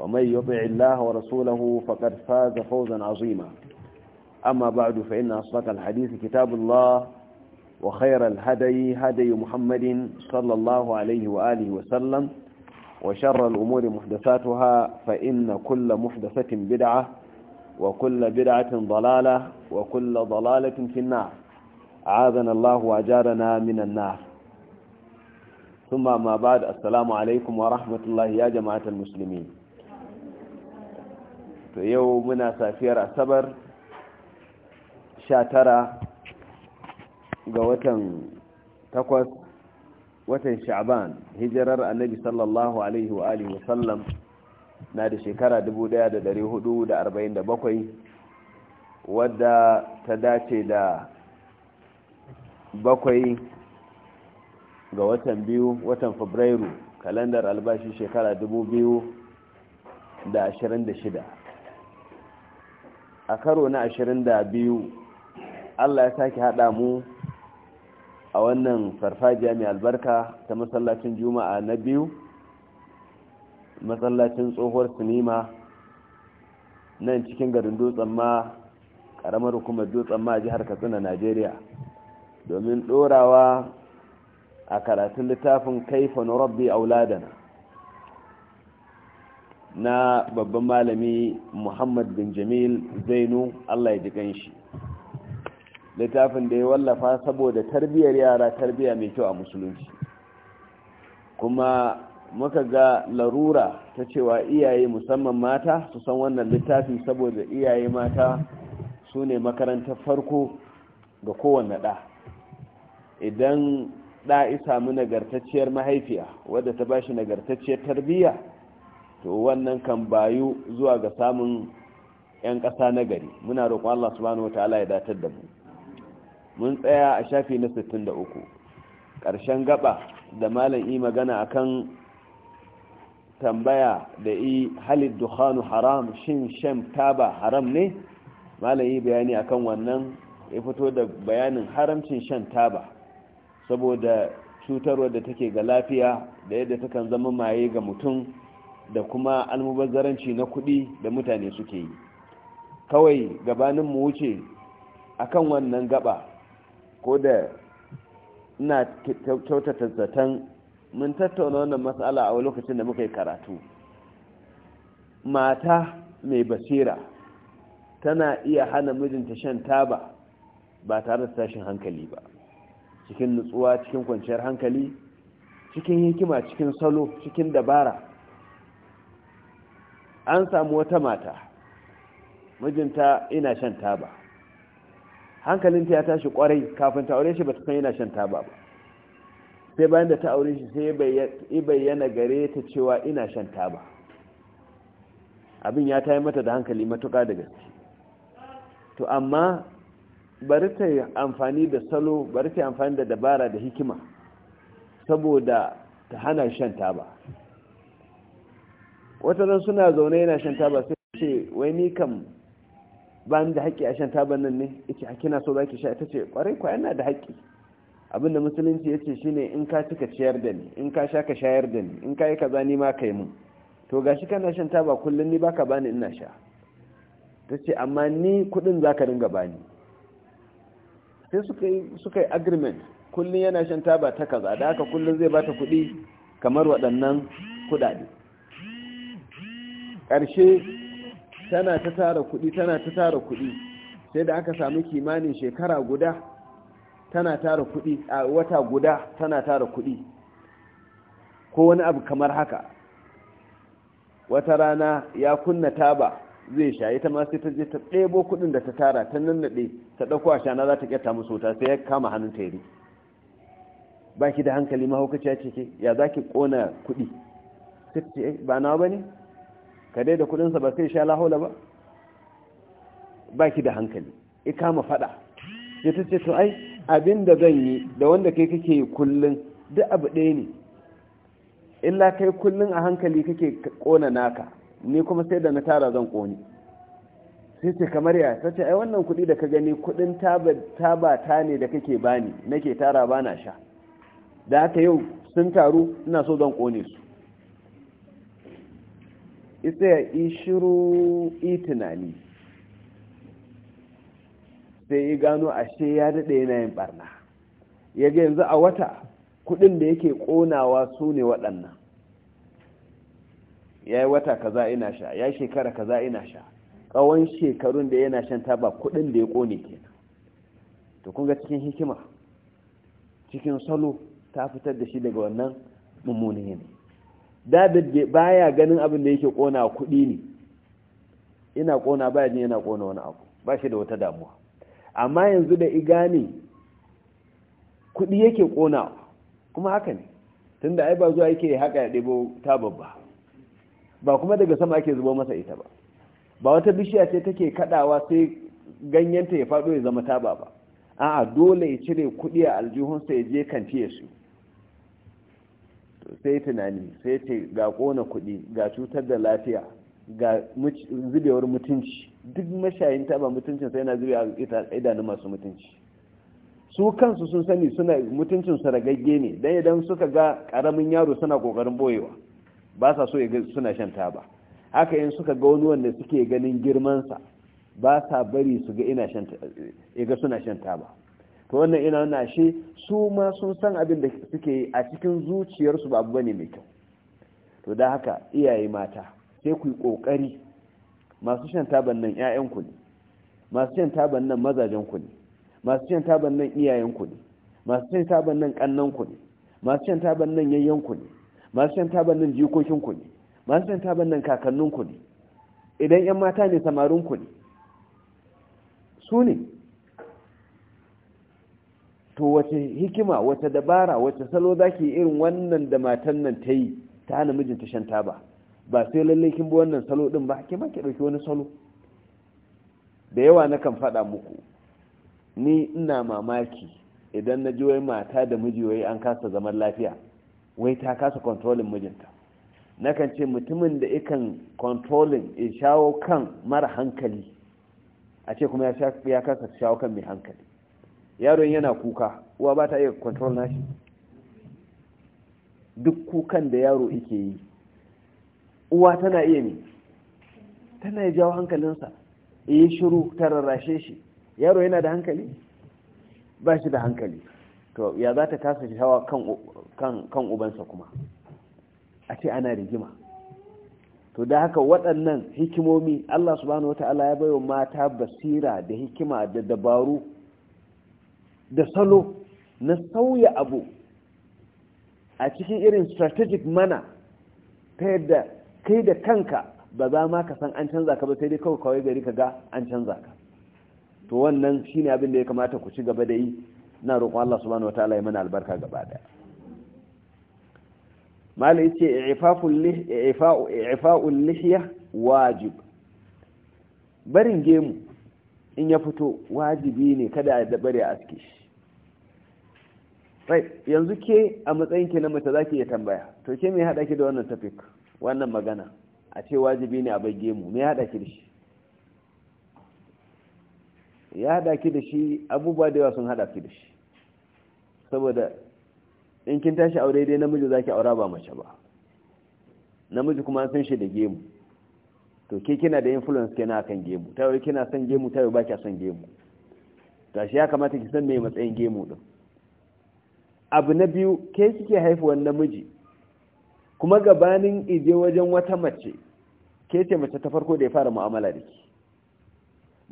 ومن يطع الله ورسوله فقد فاز فوزا عظيما أما بعد فإن أصدق الحديث كتاب الله وخير الهدي هدي محمد صلى الله عليه وآله وسلم وشر الأمور محدثاتها فإن كل محدثة بدعة وكل بدعة ضلالة وكل ضلالة في النار عاذنا الله وأجارنا من النار ثم ما بعد السلام عليكم ورحمة الله يا جماعة المسلمين to yau muna safiyar asabar 19 ga watan 8 watan sha'ban hijirar annabi sallallahu alaihi wa alihi wasallam na da shekara 1447 wadda ta dace da bakwai ga watan biyu watan fabrairu kalandar albashi shekara 2026 a karo na ashirin da biyu allah ya sake haɗa mu a wannan farfajiya mai albarka ta masallacin juma'a na biyu masallacin tsohuwar sinima nan cikin garin dutsen ma ƙaramar hukumar dutsen ma jihar katsina najeriya domin ɗorawa a karatun littafin kaifa na rabbi auladana na babban malami muhammad bin jamil zainu allah ya ji shi. littafin da ya wallafa saboda tarbiyyar yara tarbiyya mai kyau a musulunci kuma muka ga larura ta cewa iyaye musamman mata su san wannan littafin saboda iyaye mata su ne makarantar farko ga kowane ɗa idan ɗa isa mu nagartacciyar mahaifiya wadda ta ba shi nagartacciyar tarbiyya to wannan kan bayu zuwa ga samun 'yan ƙasa na gari muna roƙon Allah subhanahu wata'ala ya datar da mu mun tsaya a shafi na 63 ƙarshen gaba da malam yi magana akan tambaya da yi halid duhanu haram shin shan taba haram ne malam yi bayani akan wannan ya fito da bayanin haramcin shan taba saboda cutarwa da take ga lafiya da yadda takan zama maye ga mutum da kuma almubazzaranci na kuɗi da mutane suke yi kawai gabanin mu wuce akan wannan gaba ko da ina kyautata zaton mun tattauna wannan matsala a lokacin da muka yi karatu mata mai basira tana iya hana mijinta shan taba ba tare da tashin hankali ba cikin nutsuwa cikin kwanciyar hankali cikin hikima cikin salo cikin dabara an samu wata mata mijinta ina shan taba hankalinta ya tashi kwarai kafin ta aure shi ba ta san yana shan taba ba sai bayan da ta aure shi sai bayyana gare ta cewa ina shan taba abin ya tayi mata da hankali matuƙa da gaske to amma bari ta amfani da salo bari ta amfani da dabara da hikima saboda ta hana shan taba wata ran suna zaune yana shan taba sai ce wai ni kam ba da haƙƙi a shan taban nan ne ce haƙƙi na so ki sha ta ce kwarai kwa yana da haƙƙi abinda musulunci ya ce shi ne in ka cika ciyar da ni in ka sha ka shayar da ni in ka yi kaza ni ma yi mun to gashi kana shan taba kullum ni baka bani ina sha ta ce amma ni za ka ringa bani sai suka yi suka yi agreement kullum yana shan taba ta kaza da haka kullum zai bata kuɗi kamar waɗannan kuɗaɗe. ƙarshe tana ta tara kuɗi tana ta tara kuɗi sai da aka sami kimanin shekara guda tana tara kuɗi a wata guda tana tara kuɗi ko wani abu kamar haka wata rana ya kunna taba zai sha ita ma sai ta je ta ɗebo kuɗin da ta tara ta nannaɗe ta ɗauko a shana za ta ƙyata musu ta sai ya kama hannun ta yi ba ki da hankali mahaukaci ya ce ya za ki ƙona kuɗi eh, ba na ba ne ka dai da kudinsa ba sai sha lahola ba ba ki da hankali ikama fada ya ta ce to ai abin da zan yi da wanda kai kake yi kullum duk abu ɗaya ne illa kai kullun a hankali kake kona naka ni kuma sai da na tara zan koni sai ce kamar ya ta ce ai wannan kuɗi da ka gani kuɗin taba ta ne da kake bani nake tara bana sha da haka yau sun taru ina so zan kone su ita ya yi shiru yi tunani sai ya gano ashe ya daɗe yanayin barna ya ga yanzu a wata kudin da yake konawa su ne waɗannan ya yi wata kaza ina sha ya shekara kaza ina sha tsawon shekarun da yana shan taba kudin da ya ƙone kenan to kunga cikin hikima cikin salo ta fitar da shi daga wannan mummunin yanayi david baya ganin abin da yake kona kuɗi ne ina kona baya jin yana kona wani abu ba shi da wata damuwa amma yanzu da igani kuɗi yake kona kuma haka ne tunda ai ba zuwa yake haka ya ɗebo ta babba ba kuma daga sama ake zubo masa ita ba ba wata bishiya ce take kadawa sai ganyenta ya faɗo ya zama taba ba a'a dole ya cire kuɗi a aljihunsa ya je kanti ya su sai tunani sai ce ga kona kuɗi ga cutar da lafiya ga zubewar mutunci duk mashayin taba mutuncin sai na zube a idanun masu mutunci su kansu sun sani suna mutuncin su ragagge ne dan idan suka ga karamin yaro suna kokarin boyewa ba sa so suna shan taba haka yin suka ga wani wanda suke ganin girmansa ba sa bari su ga ina suna shan taba to wannan ina na shi su ma sun san abin da suke yi a cikin zuciyarsu ba abu bane mai kyau to da haka iyaye mata sai ku yi kokari masu shan taban nan ƴaƴan ku ne masu shan taban nan mazajen ku ne masu shan taban nan iyayen ku ne masu shan taban nan kannan ku ne masu shan taban nan yayyan ku ne masu shan taban nan jikokin ku ne masu shan taban nan kakannin ku ne idan ƴan mata ne samarin ku ne su ne to wace hikima wace dabara wace salo zaki irin wannan da matan nan ta yi ta hana mijinta shan taba ba sai lallai kin bi wannan salo din ba ke ma ki ɗauki wani salo da yawa na kan faɗa muku ni ina mamaki idan na ji wai mata da miji wai an kasa zaman lafiya wai ta kasa controlling mijinta nakan ce mutumin da ikan controlling ya shawo kan mara hankali a ce kuma ya kasa shawo kan mai hankali yaron yana kuka uwa ba ta iya control nashi duk kukan da yaro yake yi uwa tana iya ne tana ya jawo hankalinsa yi shiru ta rarrashe shi yaro yana da hankali ba shi da hankali to ya za ta tasa shi hawa kan ubansa kuma a ce ana rigima to da haka waɗannan hikimomi Allah subhanahu ta'ala ya bayo mata basira da hikima da dabaru da salo na sauya abu a cikin irin strategic mana ta yadda kai da kanka ba za ma ka san an canza ka ba sai dai kawai kawai gari ka ga an canza ka to wannan shine abin da ya kamata ku ci gaba da yi na roƙon Allah subhanahu wataala ya mana albarka gaba daya mala yace i'fa'ul lihya wajib barin gemu in ya fito wajibi ne kada a dabare a aske shi yanzu ke a matsayin ke na mace za ki iya tambaya to ke mai hada ki da wannan tafik wannan magana a ce wajibi ne a bage mu mai hada ki da shi ya hada ki da shi abubuwa da yawa sun hada ki da shi saboda in kin tashi aure dai namiji za ki aura ba mace ba namiji kuma sun shi da gemu to ke kina da influence kina akan gemu ta yau kina san gemu ta yau ba kya son gemu to shi ya kamata ki san me matsayin gemu din abu na biyu ke kike wani namiji kuma gabanin ije wajen wata mace ke ce mace ta farko da ya fara mu'amala da ke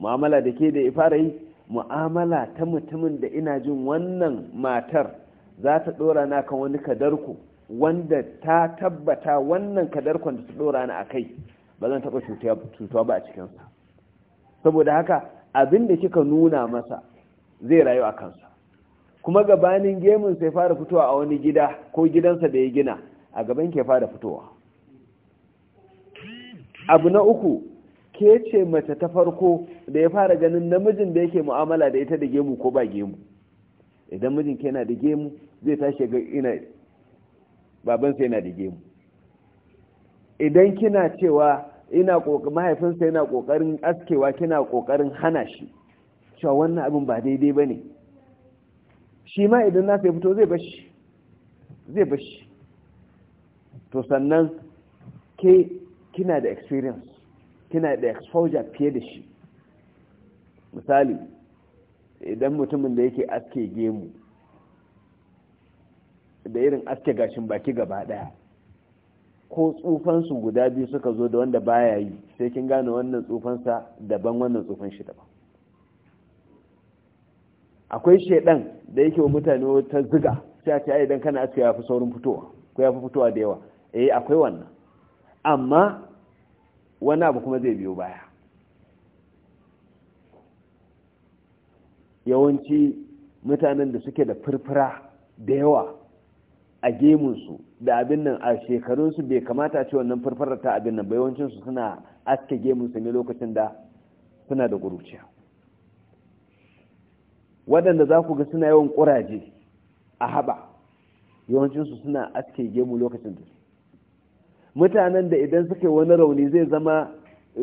mu'amala da ke da ya fara yi mu'amala ta mutumin da ina jin wannan matar za ta dora na kan wani kadarku wanda ta tabbata wannan kadarkon da ta dora na a kai ba zan taɓa cutuwa ba a cikinsa saboda haka abin da kika nuna masa zai rayu a kansa kuma gabanin gemun sai fara fitowa a wani gida ko gidansa da ya gina a gaban ke fara fitowa abu na uku ke ce mace ta farko da ya fara ganin namijin da yake mu'amala da ita da gemu ko ba gemu idan mijin ke yana da gemu zai tashi ga ina babansa yana da gemu idan kina cewa ina mahaifinsa yana kokarin askewa kina kokarin hana shi cewa wannan abin ba daidai ba ne shi ma idan na ya fito zai bashi zai bashi to sannan ke kina da experience kina da exposure fiye da shi misali idan mutumin da yake aske gemu da irin aske gashin baki gaba daya ko tsufansu guda biyu suka zo da wanda baya yi sai kin gane wannan tsufansa daban wannan tsufan shi daban akwai shaidan da yake wa mutane ta ziga sai a ce ai kana aska ya fi saurin fitowa ko ya fi fitowa da yawa eh akwai wannan amma wani abu kuma zai biyo baya yawanci mutanen da suke da furfura da yawa a gemunsu da abin nan a shekarunsu bai kamata a ce wannan farfarar ta abin nan bayawancinsu suna aske gemunsu ne lokacin da suna da guruciya waɗanda za ku ga suna yawan ƙuraje a haɓa yawancinsu suna aske gemu lokacin da mutanen da idan suka yi wani rauni zai zama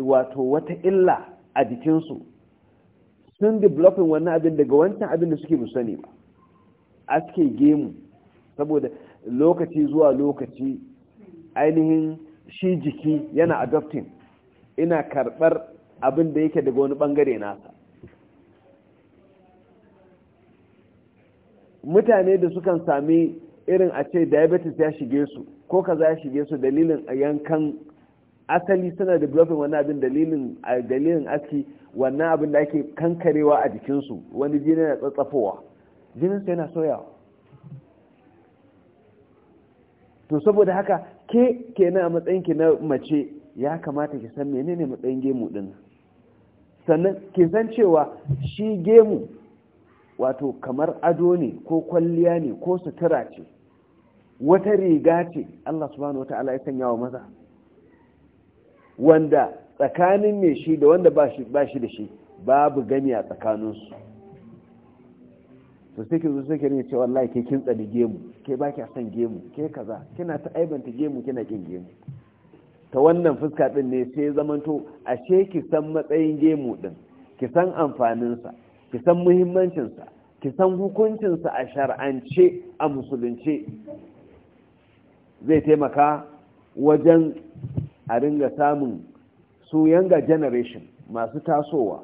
wato wata illa a jikinsu sun developin wannan abin daga wancan abin da suke musani ba aske gemu saboda lokaci zuwa lokaci ainihin shi jiki yana adoptin ina karɓar abin da yake daga wani bangare nasa mutane da sukan sami irin a ce diabetes ya shige su ko kaza ya shige su dalilin a yankan asali suna developing wani abin dalilin aski wannan abin da ake kankarewa a jikinsu wani jini na tsatsafowa jininsa yana soyawa to saboda haka ke kenan a matsayin ki na mace ya kamata ki san menene matsayin gemu din sannan ki san cewa shi gemu wato kamar ado ne ko kwalliya ne ko sutura ce wata riga ce Allah subhanahu wata'ala ya sanya wa maza wanda tsakanin mai shi da wanda ba shi da shi babu gani a tsakaninsu to sai ki zo sai cewa Allah ke kin tsani gemu ke ba kya son gemu ke kaza kina ta aibanta gemu kina kin gemu ta wannan fuska din ne sai zamanto ashe ki san matsayin gemu din ki san amfaninsa ki san muhimmancinsa ki san hukuncinsa a shar'ance a musulunce zai taimaka wajen a ringa samun su yanga generation masu tasowa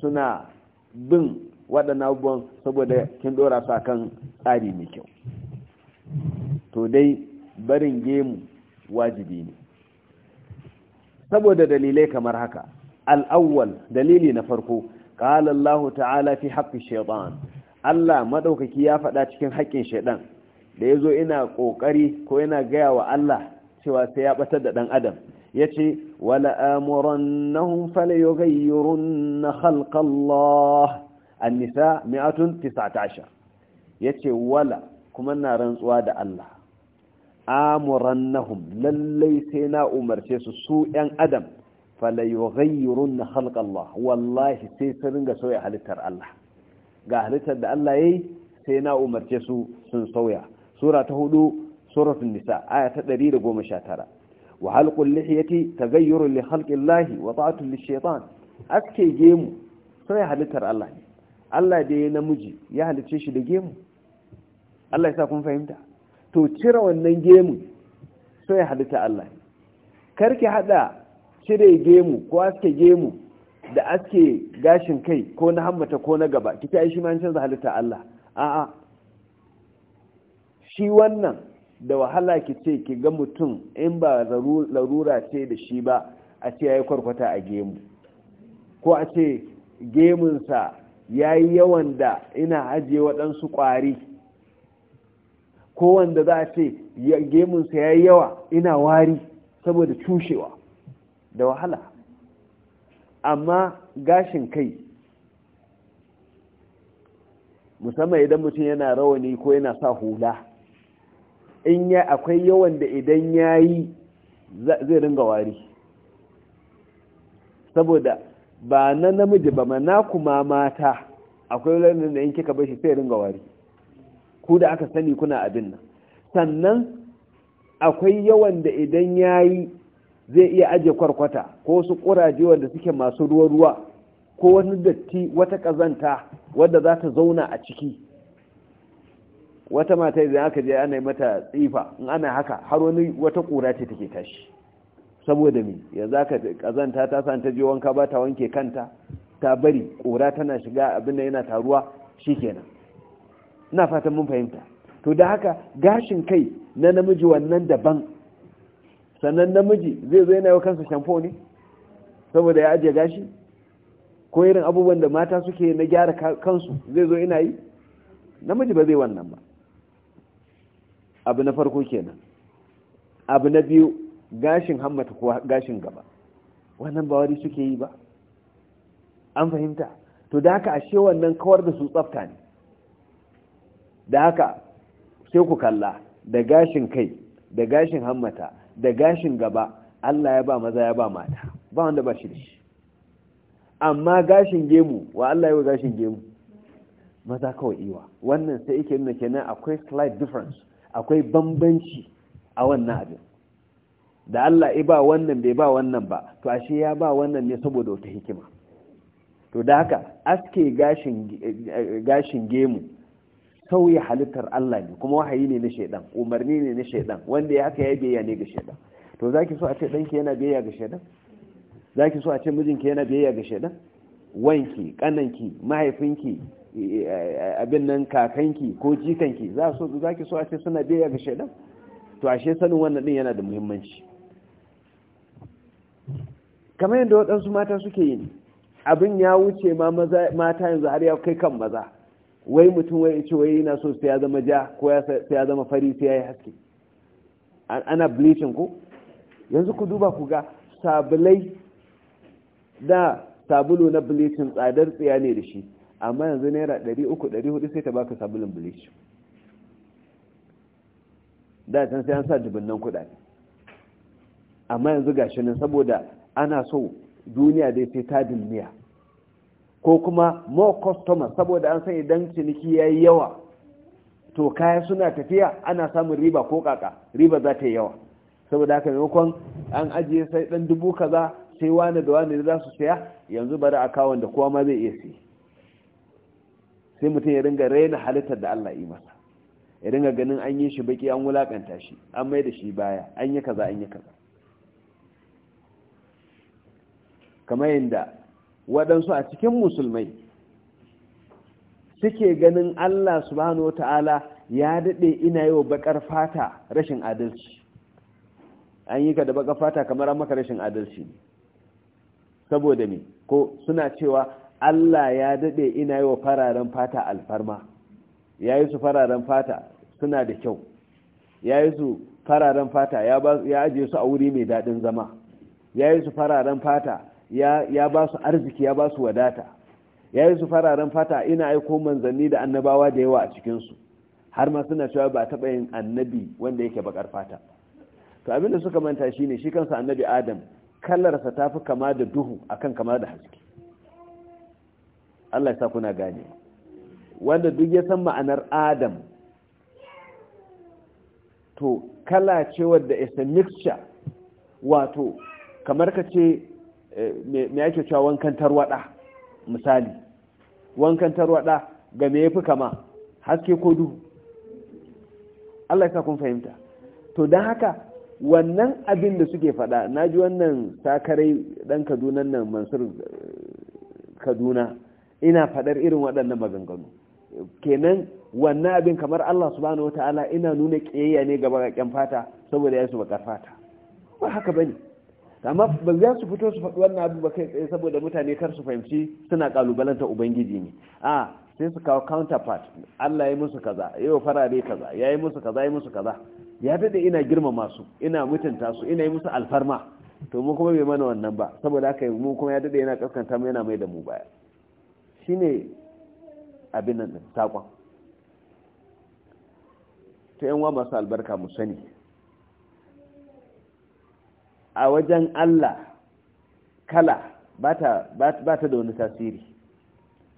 suna bin waɗannan abubuwan saboda kin ɗora su kan tsari mai kyau to dai barin gemu wajibi ne saboda dalilai kamar haka al'awwal dalili na farko ƙala Allah ta'ala fi haƙƙi shaiɗan Allah maɗaukaki ya faɗa cikin haƙƙin shaiɗan da ya zo ina ƙoƙari ko yana gaya wa Allah cewa sai ya ɓatar da ɗan adam ya ce wala amuran na hunfale gayyurun na halƙallah annisa mi'atun tisa'tasha yace wala kuma na rantsuwa da Allah amuran amurannahum lallai sai na umarce su su yan adam fala yughayyirun khalqa wallahi sai su ringa sauya halittar Allah ga halittar da Allah yayi sai na umarce su sun sauya sura ta hudu suratul nisa aya ta 119 wa halqul lihiyati taghayyurun li khalqi lahi wa ta'atun lish-shaytan aske gemu sai halittar Allah ne Allah da ya namiji ya halice shi da gemu Allah ya sa kun fahimta to cire wannan gemu so ya halitta Allah Kar ki hada cire gemu ko aske gemu da aske gashin kai ko na hammata ko na gaba ta yi shi ma canza halitta Allah a'a shi wannan da wahala ki ce ki ga mutum in ba larura ce da shi ba a ce ya yi kwarkwata a gemu ko a ce gemunsa ya yi yawan da ina ajiye waɗansu ƙwari ko wanda za a ce gemunsa ya yi yawa ina wari saboda cushewa da wahala amma gashin kai musamman idan mutum yana rawani ko yana sa hula in ya akwai yawan da idan ya yi zai ringa wari saboda ba na namiji ba mana kuma mata akwai wani da in ka bashi sai ringa wari ku da aka sani kuna abin nan sannan akwai yawan da idan yayi zai iya aje kwarkwata ko wasu kuraje wanda suke masu ruwa-ruwa ko wani datti wata kazanta wadda za ta zauna a ciki wata mata idan aka je ana mata tsifa in ana haka har wani wata kura ce take tashi saboda me yanzu aka kazanta ta san ta je wanka ba ta wanke kanta ta bari kora tana shiga abin da yana taruwa shi kenan. ina fatan mun fahimta to da haka gashin kai na namiji wannan daban sannan namiji zai zo yana yau kansa shamfo ne saboda ya ajiye gashi ko irin abubuwan da mata suke na gyara kansu zai zo ina yi namiji ba zai wannan ba abu na farko kenan abu na biyu gashin hammata ko gashin gaba wannan ba wari suke yi ba an fahimta to da haka ashe wannan kawar da su tsafta ne da haka sai ku kalla da gashin kai da gashin hammata da gashin gaba Allah ya ba maza ya ba mata ba wanda ba shi da shi amma gashin gemu wa Allah ya wa gashin gemu maza kawai iwa wannan sai yake nuna kenan akwai slight difference akwai bambanci a wannan abin da Allah ba wannan bai ba wannan ba to ashe ya ba wannan ne saboda wata hikima to da haka aske gashin eh, gemu sauya halittar Allah ne kuma wahayi ne na shaidan umarni ne na shaidan wanda ya haka ya biya ne ga shaidan to zaki so a ce danki yana biyayya ga shaidan zaki so a ce mijinki yana biyayya ga shaidan wanki kananki mahaifinki eh, eh, abin nan kakanki ko jikanki za so zaki so a ce suna biyayya ga shaidan to ashe sanin wannan din yana da muhimmanci kamar yadda waɗansu mata suke yi abin ya wuce ma mata yanzu har ya kai kan maza wai mutum wai ce wai yana so sai ya zama ja ko sai ya zama fari sai ya yi haske ana bleaching ko yanzu ku duba ku ga sabulai da sabulu na bleaching tsadar tsaya ne da shi amma yanzu naira 300-400 sai ta baka sabulun bleaching da can sai an sa dubunnan kudade amma yanzu ga shi ne saboda ana so duniya dai sai ta dilmiya ko kuma more customer saboda an san idan ciniki ya yi yawa to kaya suna tafiya ana samun riba ko kaka riba za ta yi yawa saboda haka maimakon an ajiye sai dan dubu kaza sai wani da wani za su saya yanzu bari a kawon da kowa ma zai iya siya sai mutum ya ringa raina halittar da Allah yi masa ya ringa ganin an yi shi baki an wulakanta shi an mai da shi baya an yi kaza an yi kaza kamar yadda waɗansu a cikin musulmai suke ganin Allah subhanahu wa ta'ala ya daɗe ina yi wa baƙar fata rashin adalci an yi ka da baƙar fata kamar maka rashin adalci saboda me ko suna cewa Allah ya daɗe ina yi wa fararen fata alfarma ya yi su fararen fata suna da kyau ya yi su fararen fata ya ajiye su a wuri mai daɗin zama ya yi su fararen fata ya ba su arziki ya ba su wadata ya yi su fararen fata ina aiko manzanni da annabawa da yawa a cikinsu har ma suna cewa ba taɓa yin annabi wanda yake bakar fata to abin da suka manta shi ne shi kansa annabi adam kallarsa ta fi kama da duhu akan kama da haske Allah ya sa kuna gane wanda duk ya san ma'anar adam to kala ce wadda is a mixture wato kamar ka ce me ake cewa wankan tarwada misali wankan tarwada ga me yafi kama haske ko duhu Allah ya sa kun fahimta to don haka wannan abin da suke fada na ji wannan sakarai dan kaduna nan mansur eh, kaduna ina fadar irin waɗannan maganganu kenan wannan abin kamar Allah subhanahu wa ta'ala ina nuna ƙiyayya ne ga fata saboda ya su baƙar fata ba haka bane amma ba za su fito su faɗi wannan abu ba kai tsaye saboda mutane kar su fahimci suna kalubalanta ubangiji ne a sai su kawo counterpart Allah ya musu kaza yau farare kaza ya yi musu kaza ya musu kaza ya daɗe ina girmama su ina mutunta su ina yi musu alfarma to mu kuma bai mana wannan ba saboda haka mu kuma ya daɗe yana kaskanta mu yana mai da mu baya shine abin nan sakon to yan masu albarka mu sani a wajen Allah kala ba ta da wani tasiri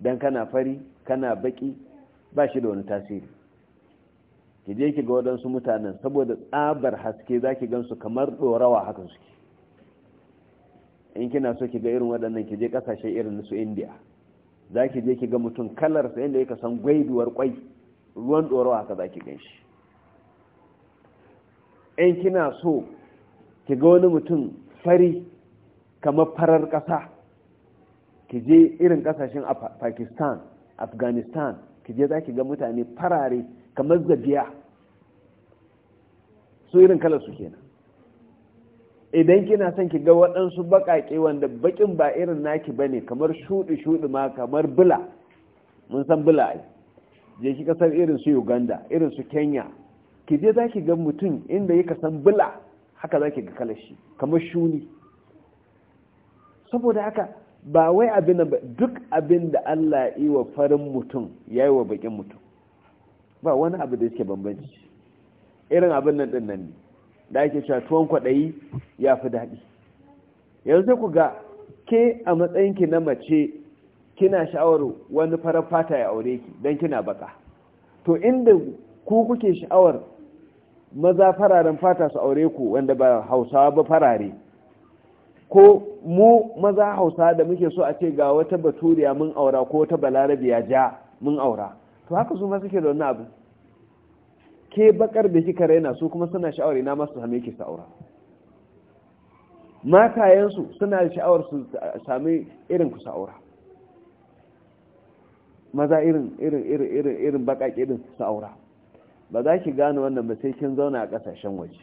don kana fari kana baki ba shi da wani tasiri ki je ki ga waɗansu mutanen saboda tsabar haske za ki gansu kamar ɗorawa hakan suke in kina so ki ga irin waɗannan ki je ƙasashe irin su indiya za ki je ki ga mutum kalarsa inda yaka san gwaiduwar kwai ruwan ɗorawa haka za ki gan shi in kina so ki ga wani mutum fari kamar farar ƙasa ki je irin ƙasashen pakistan afghanistan ki je za ki ga mutane farare kamar zabiya su irin kala su kenan idan kina son ki ga waɗansu baƙaƙe wanda baƙin ba irin naki ba ne kamar shuɗi-shuɗi ma kamar bula mun san bula ai je ki kasar irin su uganda irin su kenya ki je za ki ga mutum inda yaka san bula haka za ki ga shi, kamar shuni saboda haka ba wai abin ba duk abin da Allah yi wa farin mutum ya yi wa bakin mutum ba wani abu da yake bambanci irin abin nan din nan ne da ake cewa tuwon kwaɗayi ya fi daɗi yanzu sai ku ga ke a matsayinki na mace kina sha'awar wani farar fata ya aure ki don kina baka to inda ku kuke sha'awar maza fararen fata su aure ku wanda ba hausawa ba farare ko mu maza hausa da muke so a ce ga wata baturiya mun aura ko wata balarabiya ja mun aura to haka su ma suke da wannan abu ke bakar da kika raina su kuma suna sha'awar ina masu same ki su aura matayensu suna sha'awar su sami irin ku su aura maza irin irin irin irin irin bakake din su aura ba za ki gane wannan ba sai kin zauna a kasashen waje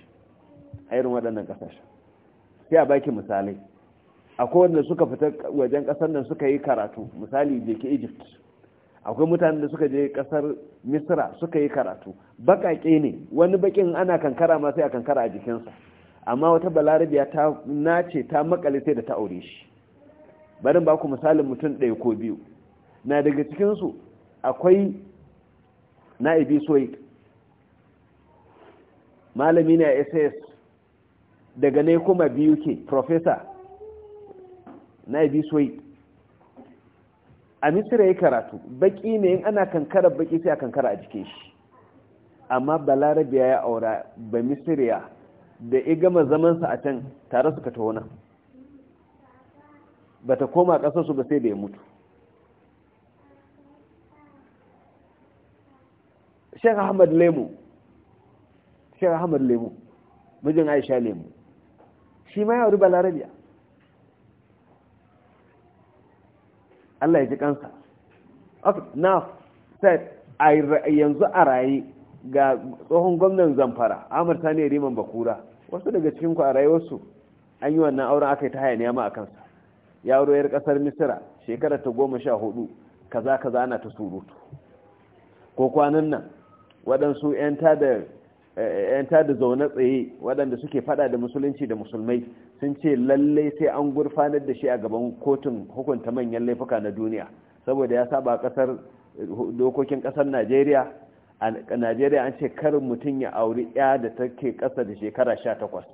a irin waɗannan kasashen sai a baki misalai akwai wanda suka fita wajen ƙasar nan suka yi karatu misali je ke egypt akwai mutanen da suka je ƙasar misra suka yi karatu baƙaƙe ne wani baƙin ana kankara ma sai a kankara a jikinsa amma wata balarabiya ta nace ta makale sai da ta aure shi barin ba ku misalin mutum ɗaya ko biyu na daga cikinsu akwai na'ibi soyi malami na ss daga ne kuma ke profesa na ibi soyi a misira ya karatu baki ne in ana kankara baki sai a kankara a jikin shi amma balarabiya ya aura ba misiriya da ya gama zamansa a can tare suka ta wani ba ta koma kasarsu ba sai da ya mutu shek ahmad lemu shi ahmad lemu mijin aisha lemu shi ma ya ruba larabiya Allah ya ji kansa na said yanzu a raye ga tsohon gwamnan zamfara amur ta ne riman bakura wasu daga cikinku a wasu an yi wannan auren aka yi ta hayaniya ma a kansa ya yar kasar misira shekara ta goma sha hudu kaza kaza ana ta surutu ko kwanan nan waɗansu 'yan tada 'yan da zaune tsaye waɗanda suke fada da musulunci da musulmai sun ce lallai sai an gurfanar da shi a gaban kotun hukunta manyan laifuka na duniya saboda ya saba kasar dokokin kasar najeriya a najeriya an ce karin mutum ya auri ya da take kasa da shekara sha takwas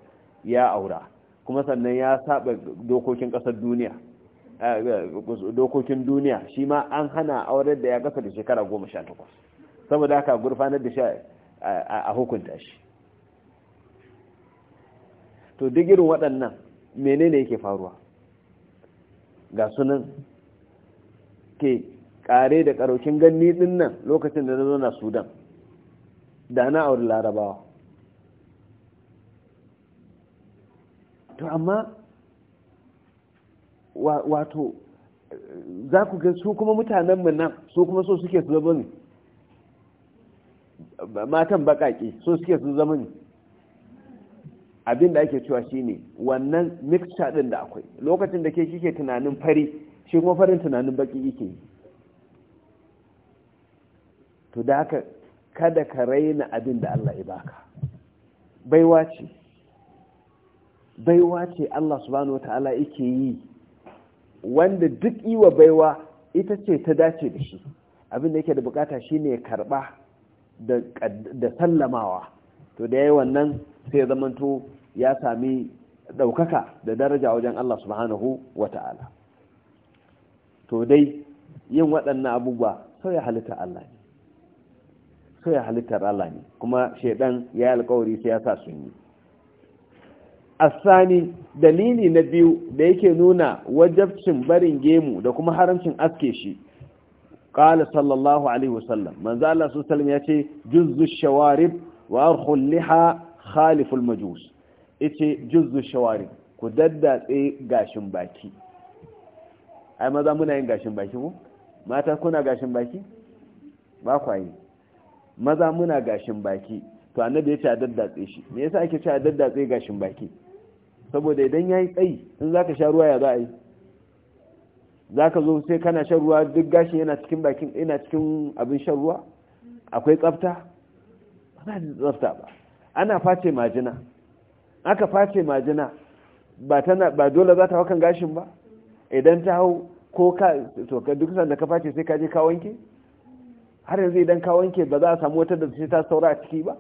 ya aura kuma sannan ya saba dokokin kasar duniya dokokin duniya shi ma an hana aurar da ya kasa da shekara goma sha takwas saboda haka gurfanar da shi a hukunta shi to duk irin waɗannan menene yake faruwa ga sunan ke ƙare da karaukin ganni dinnan lokacin da na zo na sudan da na auri larabawa to amma wato za ku ga su kuma mutanenmu nan su kuma so suke su zaba ne matan bakake so suke su zama abin da ake cewa shine wannan mixture din da akwai lokacin da ke kike tunanin fari shi kuma farin tunanin baki yake yi to da haka kada ka raina abin da Allah ya baka baiwa ce baiwa ce Allah subhanahu wataala yake yi wanda duk iwa baiwa ita ce ta dace da shi abin da yake da bukata shine ya karba da sallamawa to da ya yi wannan sai ya zamanto ya sami ɗaukaka da daraja wajen Allah subhanahu wata'ala to dai yin waɗannan abubuwa sau ya halitta Allah ne ya halittar Allah ne kuma shaidan ya yi alkawari sai ya sa sun yi asani dalili na biyu da yake nuna wajabcin barin gemu da kuma haramcin aske shi qala sallallahu alaihi wasallam manzo Allah sallallahu ya ce juzzu shawarib wa arkhul khaliful majus yace juzzu shawarib ku daddatse gashin baki ai maza muna yin gashin baki ko mata kuna gashin baki ba kwaye maza muna gashin baki to annabi ya ce a daddatse shi me yasa ake ce a daddatse gashin baki saboda idan yayi tsayi in zaka sha ruwa ya za a yi za ka zo sai kana shan ruwa duk gashin yana cikin bakin yana cikin abin shan ruwa akwai tsafta da tsafta ba ana face majina aka face majina ba tana ba dole za ta hau kan gashin ba idan ta hau ko ka to ka duk sanda ka face sai ka je ka wanke har yanzu idan ka wanke ba za a samu wata da ta saura a ciki ba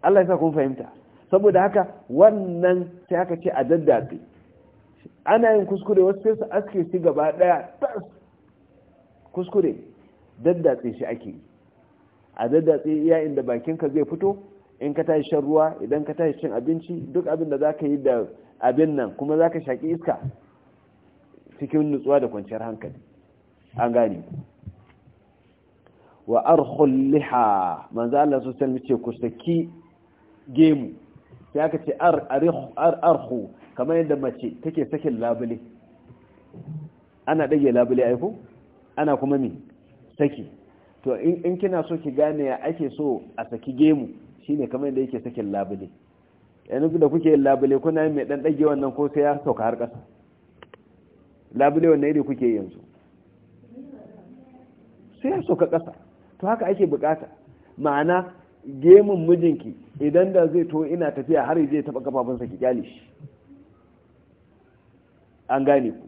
Allah ya sa kun fahimta saboda haka wannan sai aka ce a daddatse ana yin kuskure wasu sai su aske shi gaba daya tas kuskure daddatse shi ake a daddatse iya inda bakinka zai fito in ka tashi shan ruwa idan ka tashi cin abinci duk abin da za yi da abin nan kuma zaka shaki iska cikin nutsuwa da kwanciyar hankali an gani wa arhul liha manzo Allah alaihi wasallam ce kusaki gemu sai aka ce ar arhu kamar yadda mace take sakin labule ana ɗage labule aiko ana kuma mi saki to in kina so ki gane ya ake so a saki gemu shine kamar yadda yake sakin labule yanzu da kuke yin labule kuna yin mai ɗan ɗage wannan ko sai ya sauka har ƙasa labule wannan iri kuke yanzu sai ya sauka ƙasa to haka ake bukata ma'ana gemun mijinki idan da zai to ina tafiya har zai taɓa kafafunsa ki kyale shi an gane ku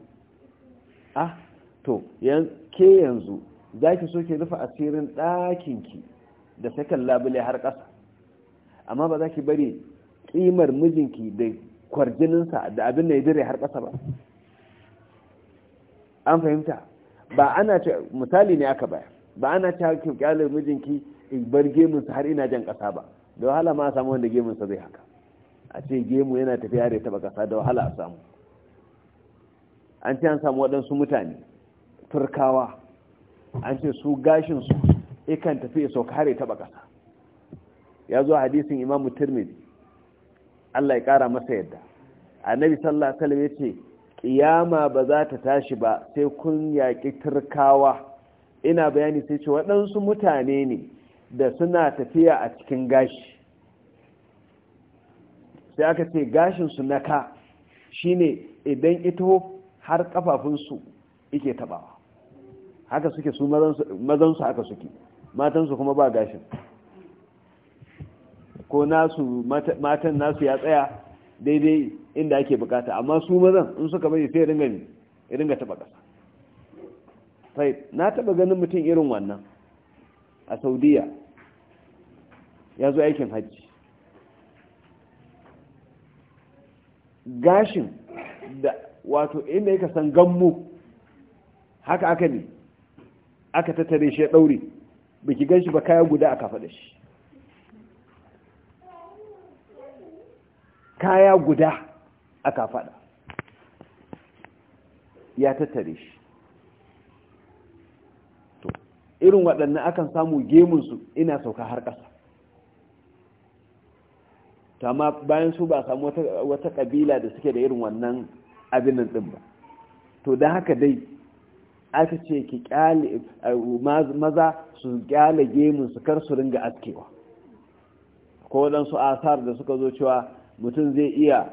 ah to ke yanzu za ki so ki rufe asirin ɗakinki da sakan labule har ƙasa amma ba za ki bari ƙimar mijinki da kwarjininsa da abin da ya dire har ƙasa ba an fahimta ba ana ce misali ne aka baya ba ana ce haka kyalar mijinki bar gemunsa har ina jan ƙasa ba da wahala ma a samu wanda gemunsa zai haka a ce gemu yana tafiya da ya taɓa ƙasa da wahala a samu an ce an samu waɗansu mutane turkawa an ce su gashinsu ikan tafi ya sauka har ya taɓa ƙasa ya zo hadisin imamu tirmidhi Allah ya ƙara masa yadda annabi sallallahu alaihi wasallam yace kiyama ba za ta tashi ba sai kun yaƙi turkawa ina bayani sai ce waɗansu mutane ne da suna tafiya a cikin gashi sai aka ce gashinsu na ka shine idan ito har kafafunsu ike tabawa haka suke su mazansu haka suke matansu kuma ba gashin ko nasu matan nasu ya tsaya daidai inda ake bukata amma su mazan in suka bai sai ringa ne ringa taba kasa sai na taba ganin mutum irin wannan a saudiya ya zo aikin hajji gashin da wato inda yake san ganmu haka aka ne aka tattare shi ya daure biki ganshi ba kaya guda aka faɗa shi kaya guda aka faɗa ya tattare shi to irin waɗannan akan samu gemunsu ina sauka har ƙasa ta ma bayan su ba samu wata ƙabila da suke da irin wannan abin nan din ba to da haka dai aka ce ki kyale maza su kyale gemun su kar su ringa askewa ko waɗansu asar da suka zo cewa mutum zai iya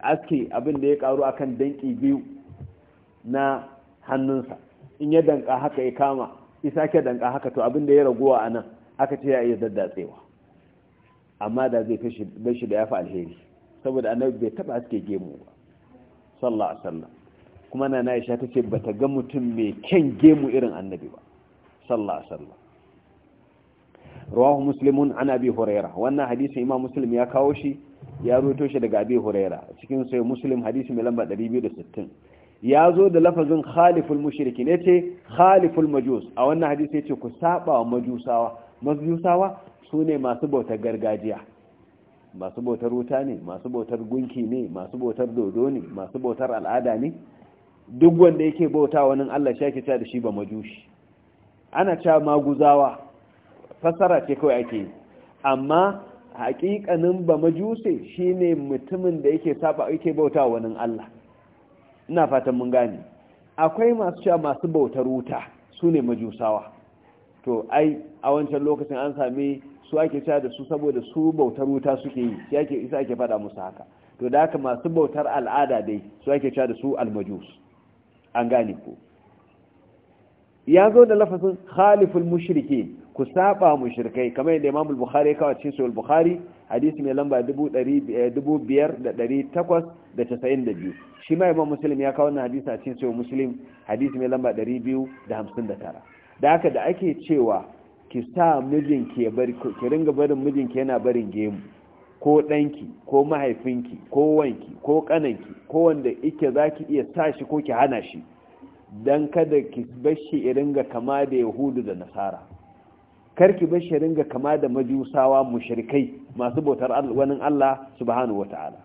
aske abin da ya karu akan danki biyu na hannunsa in ya danka haka ya kama isa ke danka haka to abin da ya raguwa a nan aka ce ya iya daddatsewa amma da zai fashi da ya fi alheri saboda annabi bai taba aske gemu ba sallah a wasallam kuma na na isha ba bata ga mutum mai kyan gemu irin annabi ba sallah a wasallam rawahu muslimun an abi huraira wannan hadisin imam muslim ya kawo shi ya roto shi daga abi huraira cikin sai muslim hadisi mai lamba 260 ya zo da lafazin khaliful mushrikin ce khaliful majus a wannan hadisi yace ku saba wa majusawa majusawa ne masu bauta gargajiya masu bautar wuta ne masu bautar gunki ne masu bautar dodo ne masu bautar al'ada ne duk wanda yake bauta wani Allah shi ake cewa da shi ba majushi ana cewa maguzawa fassara ce kawai ake amma haƙiƙanin ba majuse shine mutumin da yake saba yake bauta wani Allah ina fatan mun gane akwai masu cewa masu bautar wuta su ne majusawa to ai a wancan lokacin an sami su ake cewa da su saboda su bautar wuta suke yi shi ake isa faɗa musu haka to da haka masu bautar al'ada dai su ake cewa da su almajus an gane ku ya zo da lafazin khaliful mushriki ku saba mushrikai kamar yadda Imam al-Bukhari kawo cikin Sahih bukhari hadisi mai lamba 5892 eh, shi ma Imam Muslim ya kawo wannan hadisi a cikin Sahih Muslim hadisi mai lamba 259 da haka da ake cewa ki sa mijinki ya bari ki ringa barin mijinki yana barin gemu ko ɗanki ko mahaifinki ko wanki ko ƙananki ko wanda ike za ki iya sa shi ko ki hana shi don kada ki bashi ya ringa kama da yahudu da nasara kar ki bashi ya ringa kama da majusawa mushrikai masu bautar wani Allah subhanahu wa ta'ala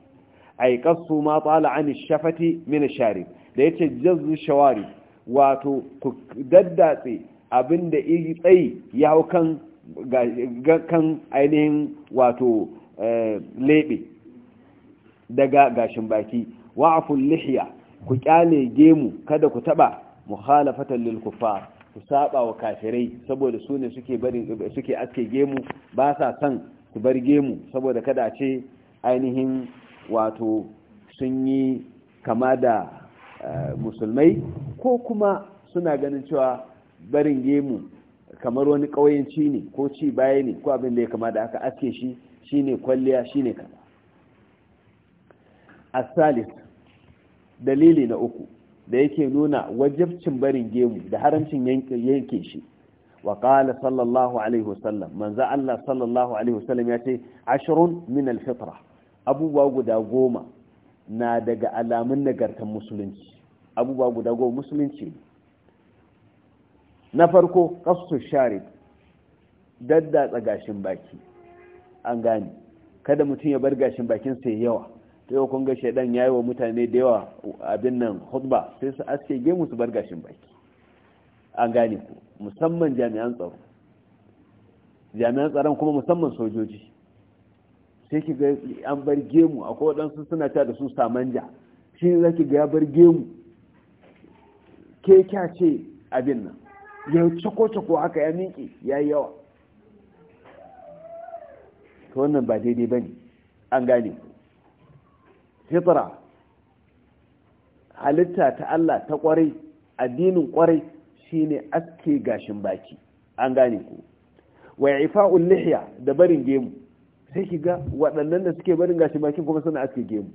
ai ma tsala an shafati min sharib da yace jazzu shawari wato ku daddatse da iri tsayi ya hau kan ainihin wato eh, lebe daga gashin baki wa'aful lihiya ku kyale gemu kada ku taba mukhalafatan lilkufa ku saba wa kafirai saboda su ne suke aske gemu ba sa san su bar gemu saboda kada ce ainihin wato sun yi kama da eh, musulmai ko kuma suna ganin cewa barin gemu kamar wani ƙauyenci ne ko ci baya ne ko abin da ya kama da aka ake shi shi ne kwalliya shi shine A asalis dalili na uku da yake nuna wajabcin barin gemu da haramcin yanke shi wa qala sallallahu alaihi wasallam manza Allah sallallahu alaihi wasallam ya ce ashirin min alfitra abubuwa guda goma na daga alamun nagartar musulunci abubuwa guda goma musulunci ne na farko kasu sharif daddatsa gashin baki an gane kada mutum ya bar gashin bakin sai yawa ta yau kunga shaidan ya yi wa mutane da yawa abin nan hudba sai su aske gemu su bar gashin baki an gane ku musamman jami'an tsaro jami'an tsaron kuma musamman sojoji sai ki ga an bar gemu akwai waɗansu suna ta da su samanja shi za ki ga ya bar gemu ke kya ce abin nan ya cako-cako aka ya miƙe ya yi yawa ta wannan ba daidai ba ne an gane fitra halitta ta Allah ta ƙwarai, addinin ƙwarai, shi ne aske gashin baki an gane ku wa ifa lihya da barin gemu sai shiga waɗannan da suke barin gashin baki kuma suna aske gemu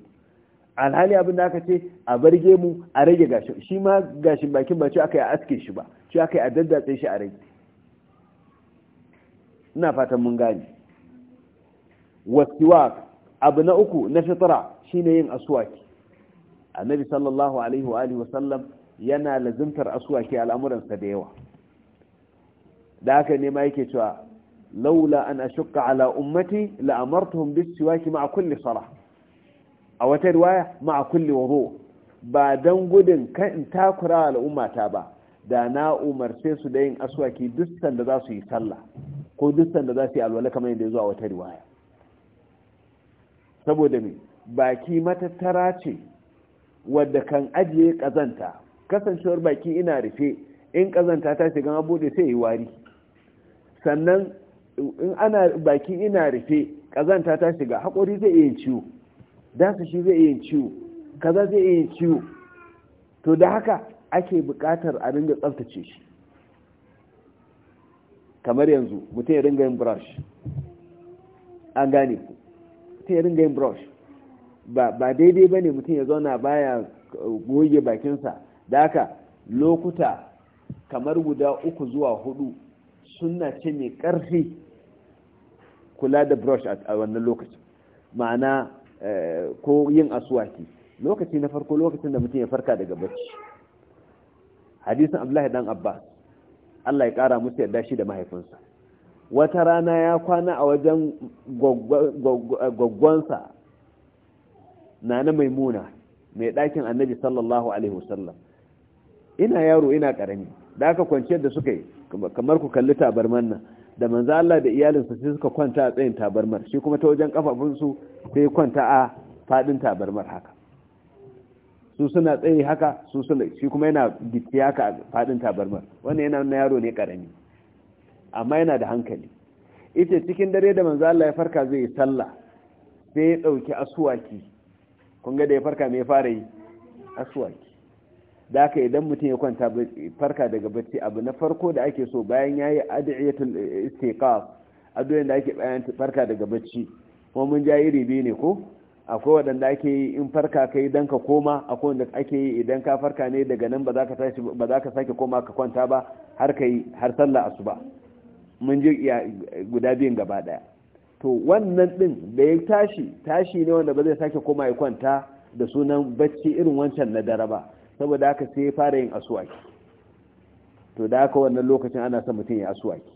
alhali abin da aka ce a bar gemu a rage gashin shi ma gashin bakin ba ce aka yi aske shi ba shi aka a daddatse shi a rai ina fatan mun gani Waskiwak abu na uku na fitara shine yin aswaki annabi sallallahu alaihi wa alihi wasallam yana lazimtar aswaki al'amuransa da yawa da haka ne ma yake cewa laula an shuka ala ummati la amartuhum bis-siwaki ma'a kulli salah a wata riwaya ma'a kulli wudu ba dan gudun kan in takura al'ummata ba da na umarce su da yin aswaki duk sanda za su yi sallah ko duk da za su yi alwala kamar yadda ya zo a wata riwaya saboda me baki matattara ce wadda kan ajiye kazanta kasancewar baki ina rufe in kazanta ta shiga abu da sai yi wari sannan in ana baki ina rufe kazanta ta shiga haƙori zai iya ciwo dasa shi zai iya ciwo kaza zai iya ciwo to da haka ake buƙatar a ringa tsaftace shi kamar yanzu mutum ya ringa yin brush an gane ku mutum ya ringa yin brush ba daidai ba ne mutum ya zauna baya uh, goge bakinsa da haka lokuta kamar guda uku zuwa hudu suna ce mai ƙarfi kula da brush a wannan lokacin ma'ana eh, ko yin asuwaki lokaci na farko lokacin da mutum ya farka daga barci. hadisin abdullahi dan abbas Allah ya kara musu yadda shi da mahaifinsa wata rana ya kwana a wajen gwaggwansa eh, na na maimuna mai ɗakin annabi sallallahu alaihi wasallam ina yaro ina ƙarami da aka kwanci yadda suka yi kamar ku kalli tabarman nan da manzo Allah da iyalinsa sai suka kwanta a tsayin tabarmar shi kuma ta wajen kafafunsu sai kwanta a faɗin tabarmar haka su suna tsaye haka su suna shi kuma yana gitsi haka a fadin tabarmar wannan yana na yaro ne karami amma yana da hankali ita cikin dare da manzo Allah ya farka zai yi sallah sai ya dauki aswaki kun ga da ya farka me fara yi aswaki da haka idan mutum ya kwanta farka daga bacci abu na farko da ake so bayan yayi ad'iyatul istiqaf addu'an da ake bayan farka daga bacci kuma mun ja iri ne ko akwai waɗanda ake yi in farka kai dan ka koma akwai wanda ake yi idan ka farka ne daga nan ba za ka sake koma ka kwanta ba har kai har sallah asuba mun ji guda biyun gaba ɗaya to wannan ɗin da ya tashi tashi ne wanda ba zai sake koma ya kwanta da sunan bacci irin wancan na dare ba saboda haka sai ya fara yin asuwaki to da haka wannan lokacin ana son mutum ya asuwaki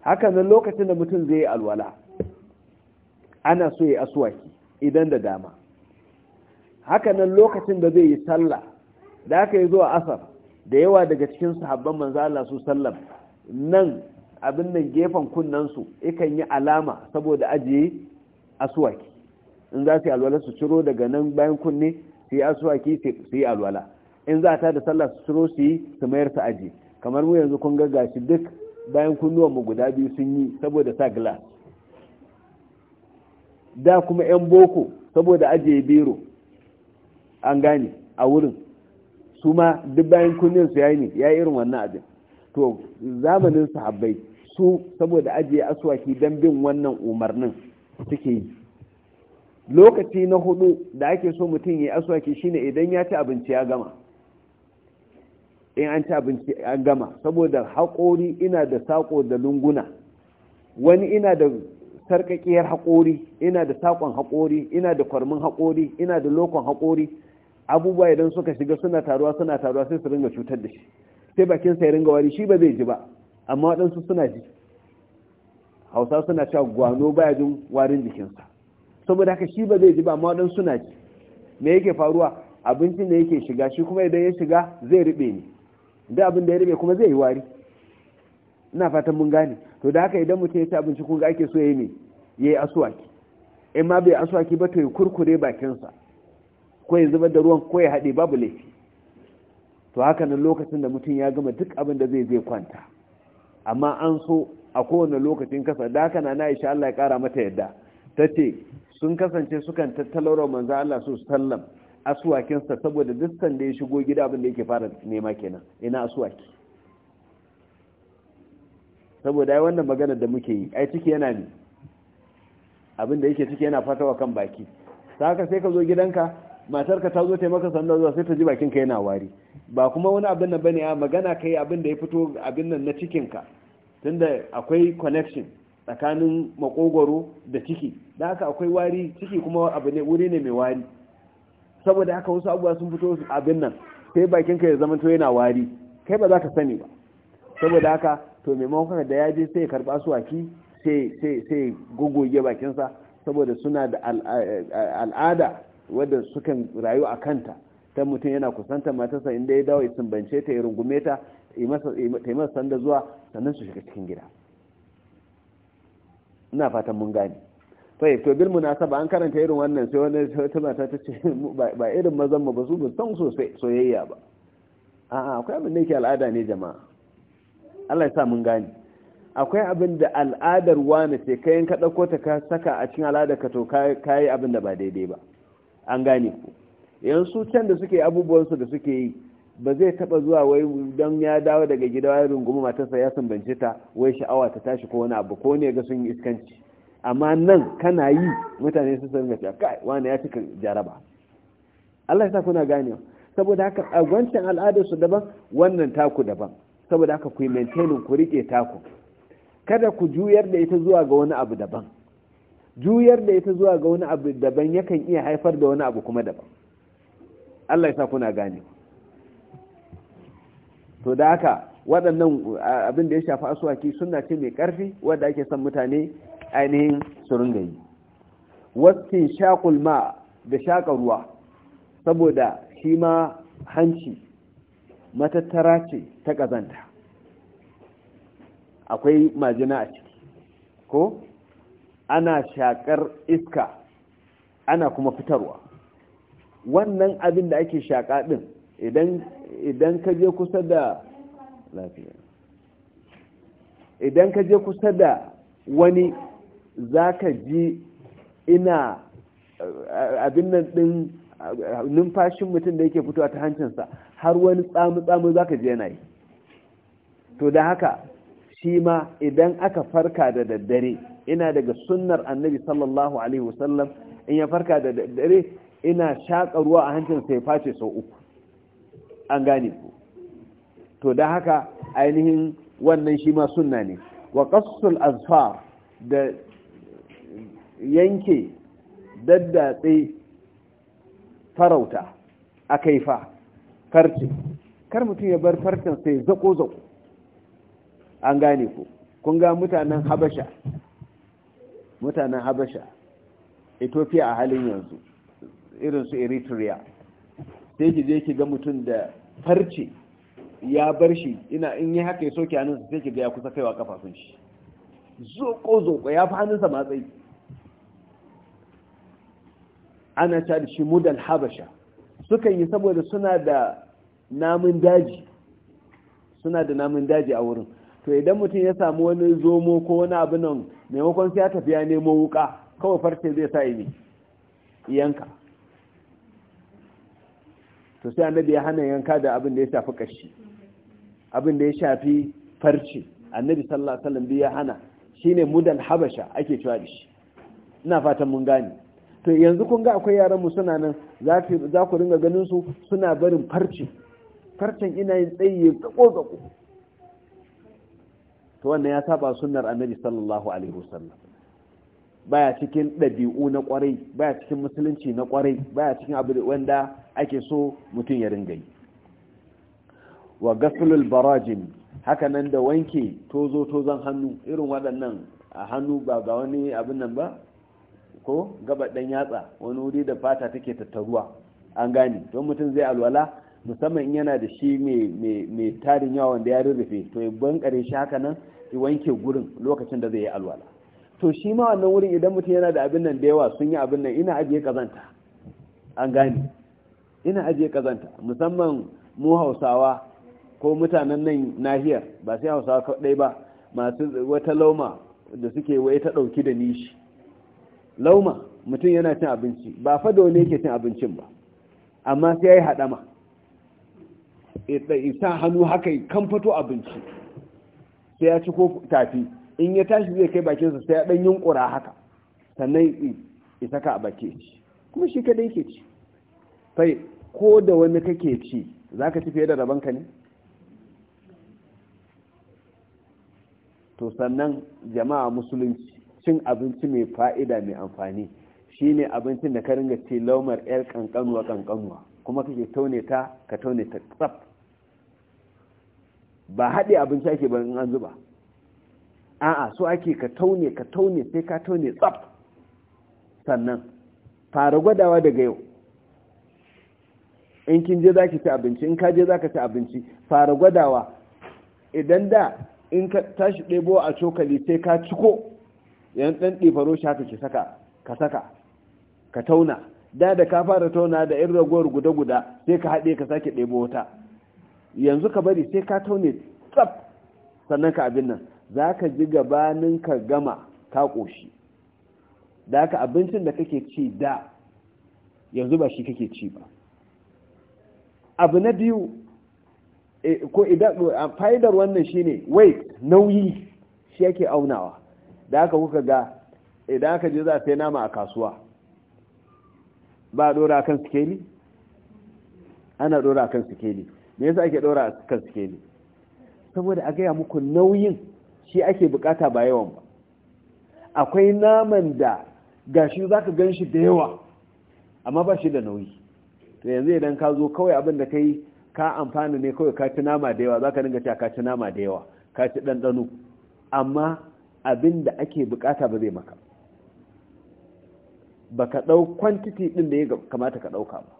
haka nan lokacin da mutum zai yi alwala ana so ya asuwaki idan da dama hakanan lokacin da zai yi sallah da aka yi zuwa asar da yawa daga cikin sahabban manzo Allah su sallam nan abin nan gefen kunnan su ikan yi alama saboda ajiye aswaki in za su yi alwala su ciro daga nan bayan kunne su yi aswaki su yi alwala in za ta da sallah su ciro su yi su mayar su ajiye kamar mu yanzu kun ga gashi duk bayan kunnuwan mu guda biyu sun yi saboda sa glass da kuma 'yan boko saboda ajiye bero an gane a wurin su ma duk bayan kunnen su yayi ne ya yi irin wannan abin to zamanin sahabbai su saboda ajiye aswaki don bin wannan umarnin suke yi lokaci na hudu da ake so mutum ya yi aswaki shine idan ya ci abinci ya gama in an ci abinci an gama saboda haƙori ina da saƙo da lunguna wani ina da sarƙaƙiyar haƙori ina da saƙon haƙori ina da kwarmin haƙori ina da lokon haƙori abubuwa idan suka shiga suna taruwa suna taruwa sai su ringa cutar da shi sai bakin sa ya ringa wari shi ba zai ji ba amma waɗansu suna ji hausa suna cewa gwano baya jin warin jikinsa saboda haka shi ba zai ji ba amma waɗansu suna ji me yake faruwa abincin da yake shiga shi kuma idan ya shiga zai riɓe ne da abin da ya riɓe kuma zai yi wari ina fatan mun gane to da haka idan mutum ya ci abinci kun ga ake so ya yi ne ya yi asuwaki in ma bai asuwaki ba to ya kurkure bakinsa ko ya zubar da ruwan ko ya haɗe babu laifi to haka nan lokacin da mutum ya gama duk abin da zai zai kwanta amma an so a kowane lokacin kasa da haka na na isha Allah ya kara mata yadda ta ce sun kasance sukan tattalarwa manzan Allah su sallam asuwakinsa saboda duk sanda ya shigo gida abin da yake fara nema kenan ina asuwaki saboda ai wannan maganar da muke yi ai ciki yana ne abin da yake ciki yana fata wa kan baki ta haka sai ka zo gidanka matarka ta zo taimaka sannan zuwa sai ta ji bakinka yana wari ba kuma wani abin nan bane a magana kai abin da ya fito abin nan na cikinka tunda akwai connection tsakanin makogwaro da ciki da haka akwai wari ciki kuma abu ne wuri ne mai wari saboda haka wasu abubuwa sun fito abin nan sai bakinka ya zama to yana wari kai ba za ka sani ba saboda haka to maimakon da ya je sai ya karba su aki sai gugoge bakinsa saboda suna da al'ada wadda sukan rayu a kanta ta mutum yana kusanta matarsa inda ya dawo ya sumbance ta ya rungume ta yi masa sanda zuwa sannan su shiga cikin gida ina fatan mun gane fai to bil munasaba an karanta irin wannan sai wani wata mata ta ce ba irin mazan ba su ba san sosai soyayya ba a'a akwai abin da yake al'ada ne jama'a Allah ya sa mun gane akwai abin da al'adar wani sai kai ka dauko ta ka saka a cikin al'adar ka to kai abin da ba daidai ba an gane ku yanzu can da suke abubuwan su da suke yi ba zai taba zuwa wai don ya dawo daga gida ya rungumi matarsa ya sumbance ta wai sha'awa ta tashi ko wani abu ko ne ga sun yi iskanci amma nan kana yi mutane su san ga kai wani ya cika jaraba Allah ya sa kuna gane. saboda haka a wancan al'adar su daban wannan taku daban saboda haka ku yi maintaining ku riƙe taku kada ku juyar da ita zuwa ga wani abu daban juyar da ita zuwa ga wani abu daban yakan iya haifar da wani abu kuma daban Allah ya sa kuna gane to da haka waɗannan abin da ya shafi asuwaki suna ce mai ƙarfi wadda ake son mutane ainihin su ringa yi wasu shaƙul ma da shaƙa ruwa saboda shi ma hanci matattara ce ta ƙazanta akwai majina a ciki ko ana shakar iska ana kuma fitarwa wannan abin da ake shaka din idan ka je kusa da lafiya idan ka je kusa da wani zaka ji ina eh, abin nan ɗin eh, numfashin mutum da yake fitowa ta hancinsa har wani tsamu-tsamu za ka je na yi to da haka shi ma idan aka farka da daddare ina daga sunnar annabi sallallahu alaihi wasallam in ya farka da daddare ina shaƙa ruwa a hancin sai face sau uku an gane ku to da haka ainihin wannan shi ma sunna ne wa ƙasusul azfar da yanke daddatse farauta a kaifa farce kar mutum ya bar farcen sai zako zako an gane ku kun ga mutanen habasha mutanen habasha ethiopia a halin yanzu irin su eritrea sai ki je ki ga mutum da farce ya bar shi ina in yi haka ya soke hannunsa sai ki ga ya kusa kaiwa kafafun shi zoko zoko ya fi hannunsa matsayi ana cari shi mudal habasha sukan yi saboda suna da namun daji suna da namun daji a wurin to idan mutum ya samu wani zomo ko wani abu nan maimakon sai ya tafi ya nemo wuka kawai farce zai sa ne yanka to sai annabi ya hana yanka da abin da ya shafi kashi abin da ya shafi farce annabi sallallahu alaihi wasallam ya hana shine mudan habasha ake cewa da shi ina fatan mun gane to yanzu kun ga akwai yaran mu suna nan za ku ringa ganin su suna barin farce farcen ina yin tsaye ya gabo Ta to wannan ya saba sunnar annabi sallallahu alaihi wasallam baya cikin ɗabi'u na kwarai baya cikin musulunci na kwarai baya cikin abu wanda ake so mutum ya ringa yi wa gasulul barajin haka nan da wanke tozo tozon hannu irin waɗannan a hannu ba ga wani abin nan ba ko gaba ɗan yatsa wani wuri da fata take tattaruwa an gane don mutum zai alwala musamman in yana da shi mai tarin yawa wanda ya rurrufe to ya bankare shi haka nan ya wanke gurin lokacin da zai yi alwala to shi ma wannan wurin idan mutum yana da abin nan da yawa sun yi abin nan ina ajiye kazanta an gane ina ajiye kazanta musamman mu hausawa ko mutanen nan nahiyar ba sai hausawa kaɗai ba masu wata lauma da suke wai ta ɗauki da nishi lauma mutum yana cin abinci ba fado ne yake cin abincin ba amma sai ya yi haɗama sa hannu haka kan fato abinci sai ya ci ko tafi in ya tashi zai kai bakinsa sai ya ɗan yunkura haka sannan isa ka a bakin ci kuma shi kadai ke ci fai ko da wani kake ci za ka ci fiye da rabanka ne to sannan jama'a musulunci cin abinci mai fa'ida mai amfani shi ne abincin da ka ringa ce laumar 'yar kankanuwa kankanuwa kuma kake taune ta ka taune ta tsaf ba haɗe abinci ake ba in an zuba a'a so ake ka taune ka taune sai ka taune tsaf sannan fara gwadawa daga yau in kin je za ki ci abinci in ka je za ka ci abinci fara gwadawa idan da in ka tashi ɗebo a cokali sai ka ciko yan ɗan ɗifaro shi haka ki saka ka saka ka tauna da da ka fara tauna da irin ragowar guda-guda sai ka haɗe ka sake ɗebo wata yanzu ka bari sai ka taune tsab sannan ka abin nan za ka ji gabanin ka gama ka ƙoshi da abincin da kake ci da yanzu ba shi kake ci ba abu na biyu e, ko idan fa'idar wannan shine wai nauyi shi yake aunawa da aka kuka ga idan aka je za a sai nama a kasuwa ba dora kan sikeli ana dora kan sikeli me yasa ake dora kan sikeli saboda a gaya muku nauyin shi ake bukata ba yawan ba akwai naman da gashi za ka gan shi da yawa amma ba shi da nauyi to yanzu idan ka zo kawai abin da ka yi ka amfani ne kawai ka ci nama da yawa za ka dinga cewa ka ci nama da yawa ka ci ɗanɗano amma abin da ake bukata ba zai maka ba ka ɗau kwantiti ɗin da ya kamata ka ɗauka ba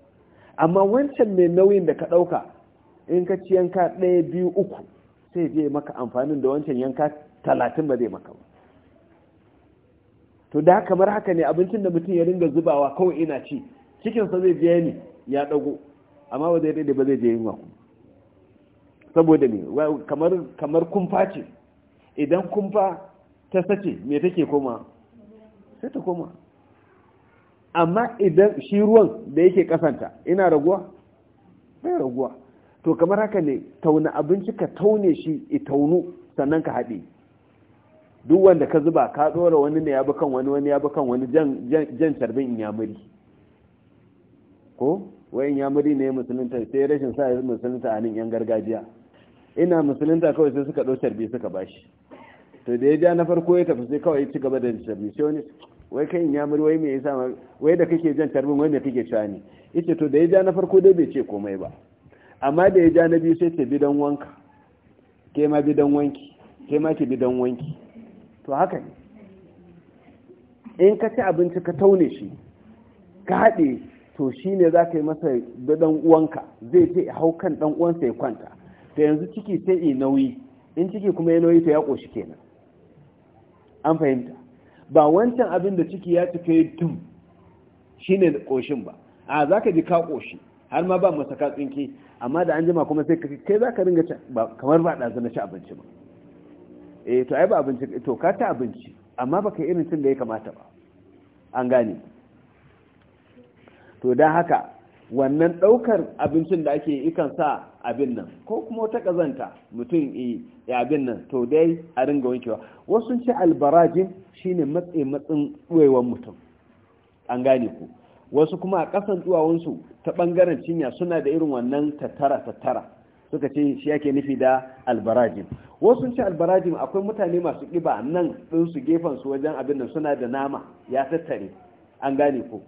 amma wancan mai nauyin da ka ɗauka in ka ci yanka ɗaya biyu uku sai zai maka amfanin da wancan yanka talatin ba zai maka ba to da kamar haka ne abincin da mutum ya ringa zubawa kawai ina ci cikinsa zai biya ni ya ɗago amma ba zai daidai ba zai je yunwa ku saboda ne kamar kumfa ce idan kumfa ta sace me take koma sai ta koma amma idan shi ruwan da yake kasanta ina raguwa bai raguwa to kamar haka ne tauna abinci ka taune shi itaunu sannan ka haɗe duk wanda ka zuba ka ɗora wani ne ya bi kan wani wani ya bi kan wani jan carbin in yamuri ko wayan yamuri ne musulunta sai rashin sa ya musulunta a nan yan gargajiya ina musulunta kawai sai suka ɗau carbi suka bashi to da ya ja na farko ya tafi sai kawai ya ci gaba da carbi sai wani wai kai ya muri wai me yasa wai da kake jan tarbin wai me kake cewa ne yace to da ya ja na farko dai bai ce komai ba amma da ya ja na biyu sai ce bidan wanka ke ma bidan wanki ke ma ki bidan wanki to haka ne in ka ci abinci ka taune shi ka haɗe to shi ne za ka yi masa da ɗan uwanka zai ce hau kan ɗan uwansa ya kwanta da yanzu ciki sai yi nauyi in ciki kuma ya nauyi to ya ƙoshi kenan an fahimta ba wancan abin da ciki ya cika yi dum shi ne ƙoshin ba a za ka ji ka ƙoshi har ma ba masa ka tsinki amma da an jima kuma sai ka kai za ka ringa kamar ba ɗazu na ci abinci ba eh to ai ba abinci to ka ta abinci amma baka irin cin da ya kamata ba an gane to don haka wannan ɗaukar abincin da ake ikan sa abin nan ko kuma wata kazanta mutum ya abin nan to dai a ringa wankewa wasu ce albarajin shine matse matsin ɗuwewan mutum an gane ku wasu kuma a ƙasan tsuwawansu ta bangaren cinya suna da irin wannan tattara tattara suka ce shi yake nufi da albarajin wasu ce albarajin akwai mutane masu kiba nan ɗinsu su wajen abin nan suna da nama ya tattare an gane ku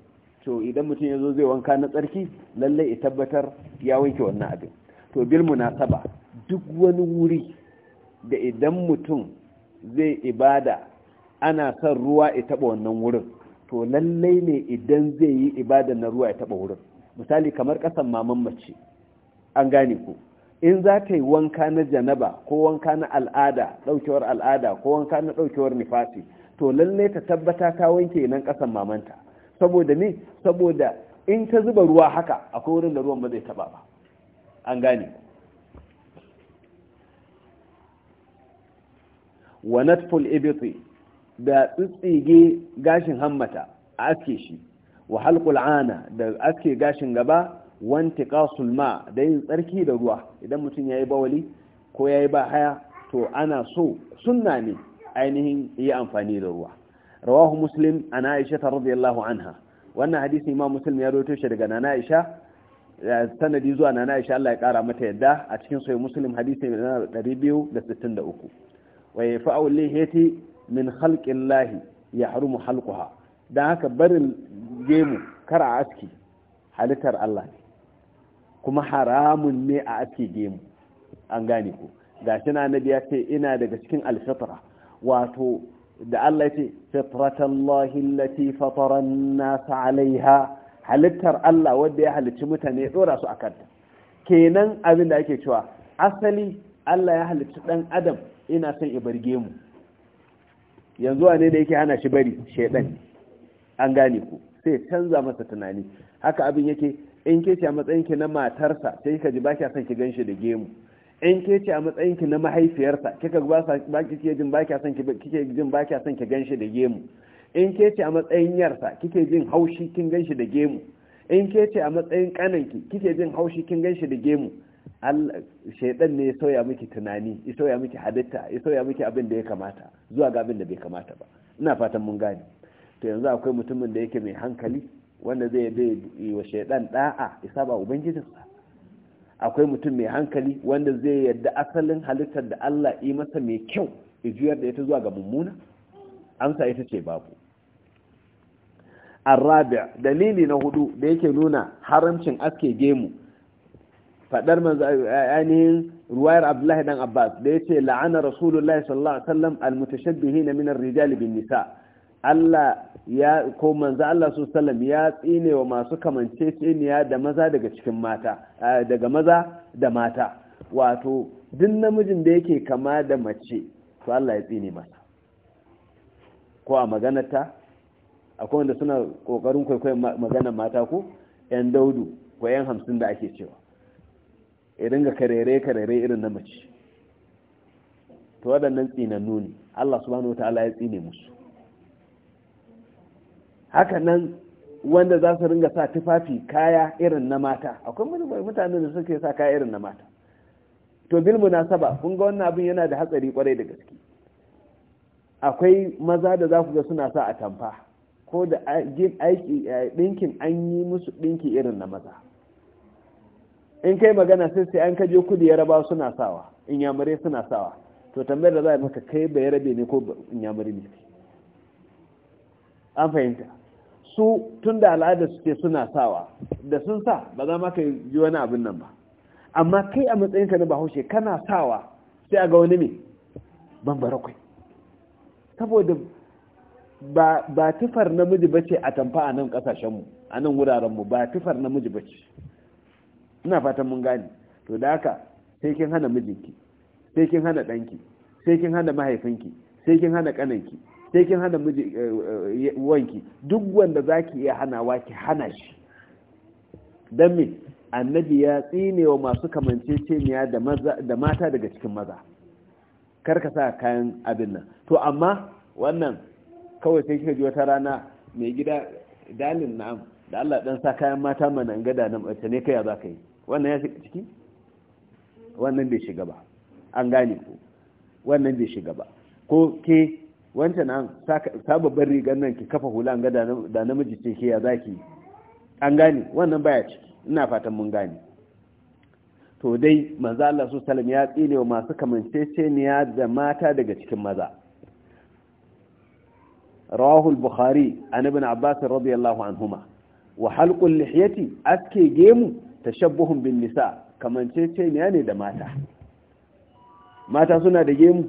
to idan mutum ya zo zai wanka na tsarki lallai ya tabbatar ya wanke wannan abin to bil munasaba duk wani wuri da idan mutum zai ibada ana son ruwa ya taba wannan wurin to lallai ne idan zai yi ibada na ruwa ya taba wurin misali kamar kasan maman mace an gane ku in za ka yi wanka na janaba ko wanka na al'ada daukewar al'ada ko wanka na daukewar nifasi to lallai ta tabbata ka wanke nan kasan mamanta saboda ne saboda in ta zuba ruwa haka akwai wurin da ruwan ba zai taba ba an gane wa natful ibti da tsitsige gashin hammata a aske shi wa halqul ana da aske gashin gaba wa intiqasul ma da yin tsarki da ruwa idan mutum ya yi bawali ko yayi ba haya to ana so sunna ne ainihin yi amfani da ruwa rawahu muslim ana aisha radiyallahu anha wannan hadisi ma muslim ya rawaito shi daga nana aisha sanadi zuwa na Aisha Allah ya kara mata yadda a cikin sahih muslim hadisi na 263 wa yafa'u lihati min ya yahrumu halquha dan haka barin gemu a aski halittar Allah kuma haramun ne a aski gemu an gane ku gashi na nabi ya ce ina daga cikin alfitra wato da Allah ya ce fitratallahi allati fatara an-nas 'alayha halittar Allah wadda ya halicci mutane ya tsora su a kanta kenan abin da ake cewa asali Allah ya halicci dan adam ina son ya barge mu yanzu wane da yake hana shi bari shaidan an gane ku sai canza masa tunani haka abin yake in ke ce a ki na matarsa sai ka ji ba kya son ki ganshi da gemu in ke ce a ki na mahaifiyarsa kika ba kya son ki jin son ki ganshi da gemu in ke ce a matsayin yarsa kike jin haushi kin ganshi da gemu in ke ce a matsayin kananki kike jin haushi kin ganshi da gemu shaidan ne ya sauya miki tunani ya sauya miki halitta ya sauya miki abin da ya kamata zuwa ga abin da bai kamata ba ina fatan mun gane to yanzu akwai mutumin da yake mai hankali wanda zai bai yi wa shaidan da'a ya saba ubangijinsa akwai mutum mai hankali wanda zai yadda asalin halittar da Allah yi masa mai kyau ya juyar da ita zuwa ga mummuna amsa ita ce babu arabi dalili na hudu da yake nuna haramcin aske gemu fadar ainihin ruwayar abdullahi dan abbas da yace la'ana rasulullahi sallallahu alaihi wasallam almutashabbihina min ar-rijal bin nisa Allah ya ko manzo Allah ya tsine wa masu kamance tsiniya da maza daga cikin mata daga maza da mata wato duk namijin da yake kama da mace to Allah ya tsine masa ko a maganarta akwai wanda suna kokarin kwaikwayon maganar mata ko yan daudu ko yan hamsin da ake cewa irin ga karere karere irin na mace to waɗannan tsinannu ne Allah subhanahu wataala ya tsine musu haka nan wanda za su ringa sa tufafi kaya irin na mata akwai mutane da suke sa kaya irin na mata to bil munasaba kun ga wannan abin yana da hatsari kwarai da gaske akwai maza da za ku ga suna sa atamfa ko da aiki ɗinkin an yi musu ɗinki irin na maza in kai magana sai sai an kaje ya yaraba suna sawa in yamare suna sawa to tambayar da za a maka kai bai rabe ne ko in yamare ne an fahimta su tun da al'ada suke suna sawa da sun sa ba za ma yi wani abin nan ba amma kai a matsayinka na bahaushe kana sawa sai a ga wani ne bambara barakwai saboda ba tufar namiji ba ce a tamfa a nan kasashenmu a nan wurarenmu ba tufar namiji ba ce ina fatan mun gane to da haka sai kin hana mijinki sai kin hana ɗanki sai kin hana mahaifinki sai kin hana ƙananki sai kin hana eh, eh, eh, wanki duk wanda za ki iya hanawa ki hana shi don me annabi ya tsine wa masu kamanceceniya da mata daga cikin maza kar ka sa kayan abin nan to amma wannan kawai sai kika ji wata rana mai gida dalin na'am da Allah dan sa kayan mata mana an gada nan mace ne kai za ka yi wannan ya shiga ciki wannan bai shiga ba an gane ku wannan bai shiga ba ko ke wancan nan sa babban rigar nan ki kafa hula an gada da namiji ce ke ya zaki an gane wannan baya ciki ina fatan mun gane to dai manzo Allah su sallam ya tsine wa masu kamanceceniya da mata daga cikin maza Rawahul al-bukhari an ibn abbas radiyallahu anhuma wa halqul lihyati aske gemu tashabbuhun bin nisa kamanceceniya ne da mata mata suna da gemu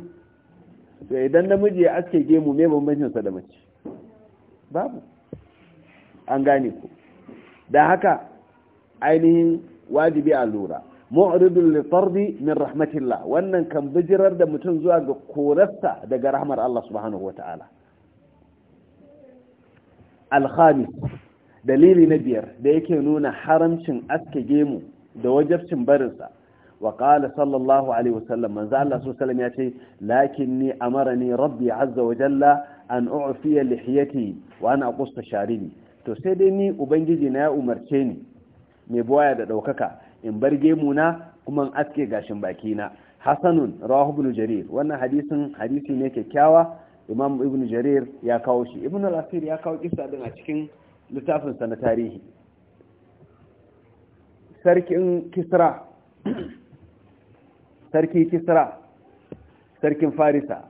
idan namiji ya aske gemu me bambancin sa da mace babu an gane da haka ainihin wajibi a lura mu'ridul fardi min rahmatillah wannan kan bijirar da mutum zuwa ga korarsa daga rahmar Allah subhanahu wataala alhamis dalili na biyar da yake nuna haramcin aske gemu da wajabcin barinsa wa qala sallallahu alaihi wasallam manzo Allah sallallahu ya ce lakinni amarani rabbi azza wa jalla an u'fiya lihiyati wa ana aqusta sharibi to sai dai ni ubangiji na ya umarce ni mai baya da daukaka in bar gemu na kuma in aske gashin baki na hasanun rawahu ibn jarir wannan hadisin hadisi ne kyakkyawa imam ibn jarir ya kawo shi ibn al-asir ya kawo kisa din a cikin littafinsa na tarihi sarkin kisra sarki kisra sarkin farisa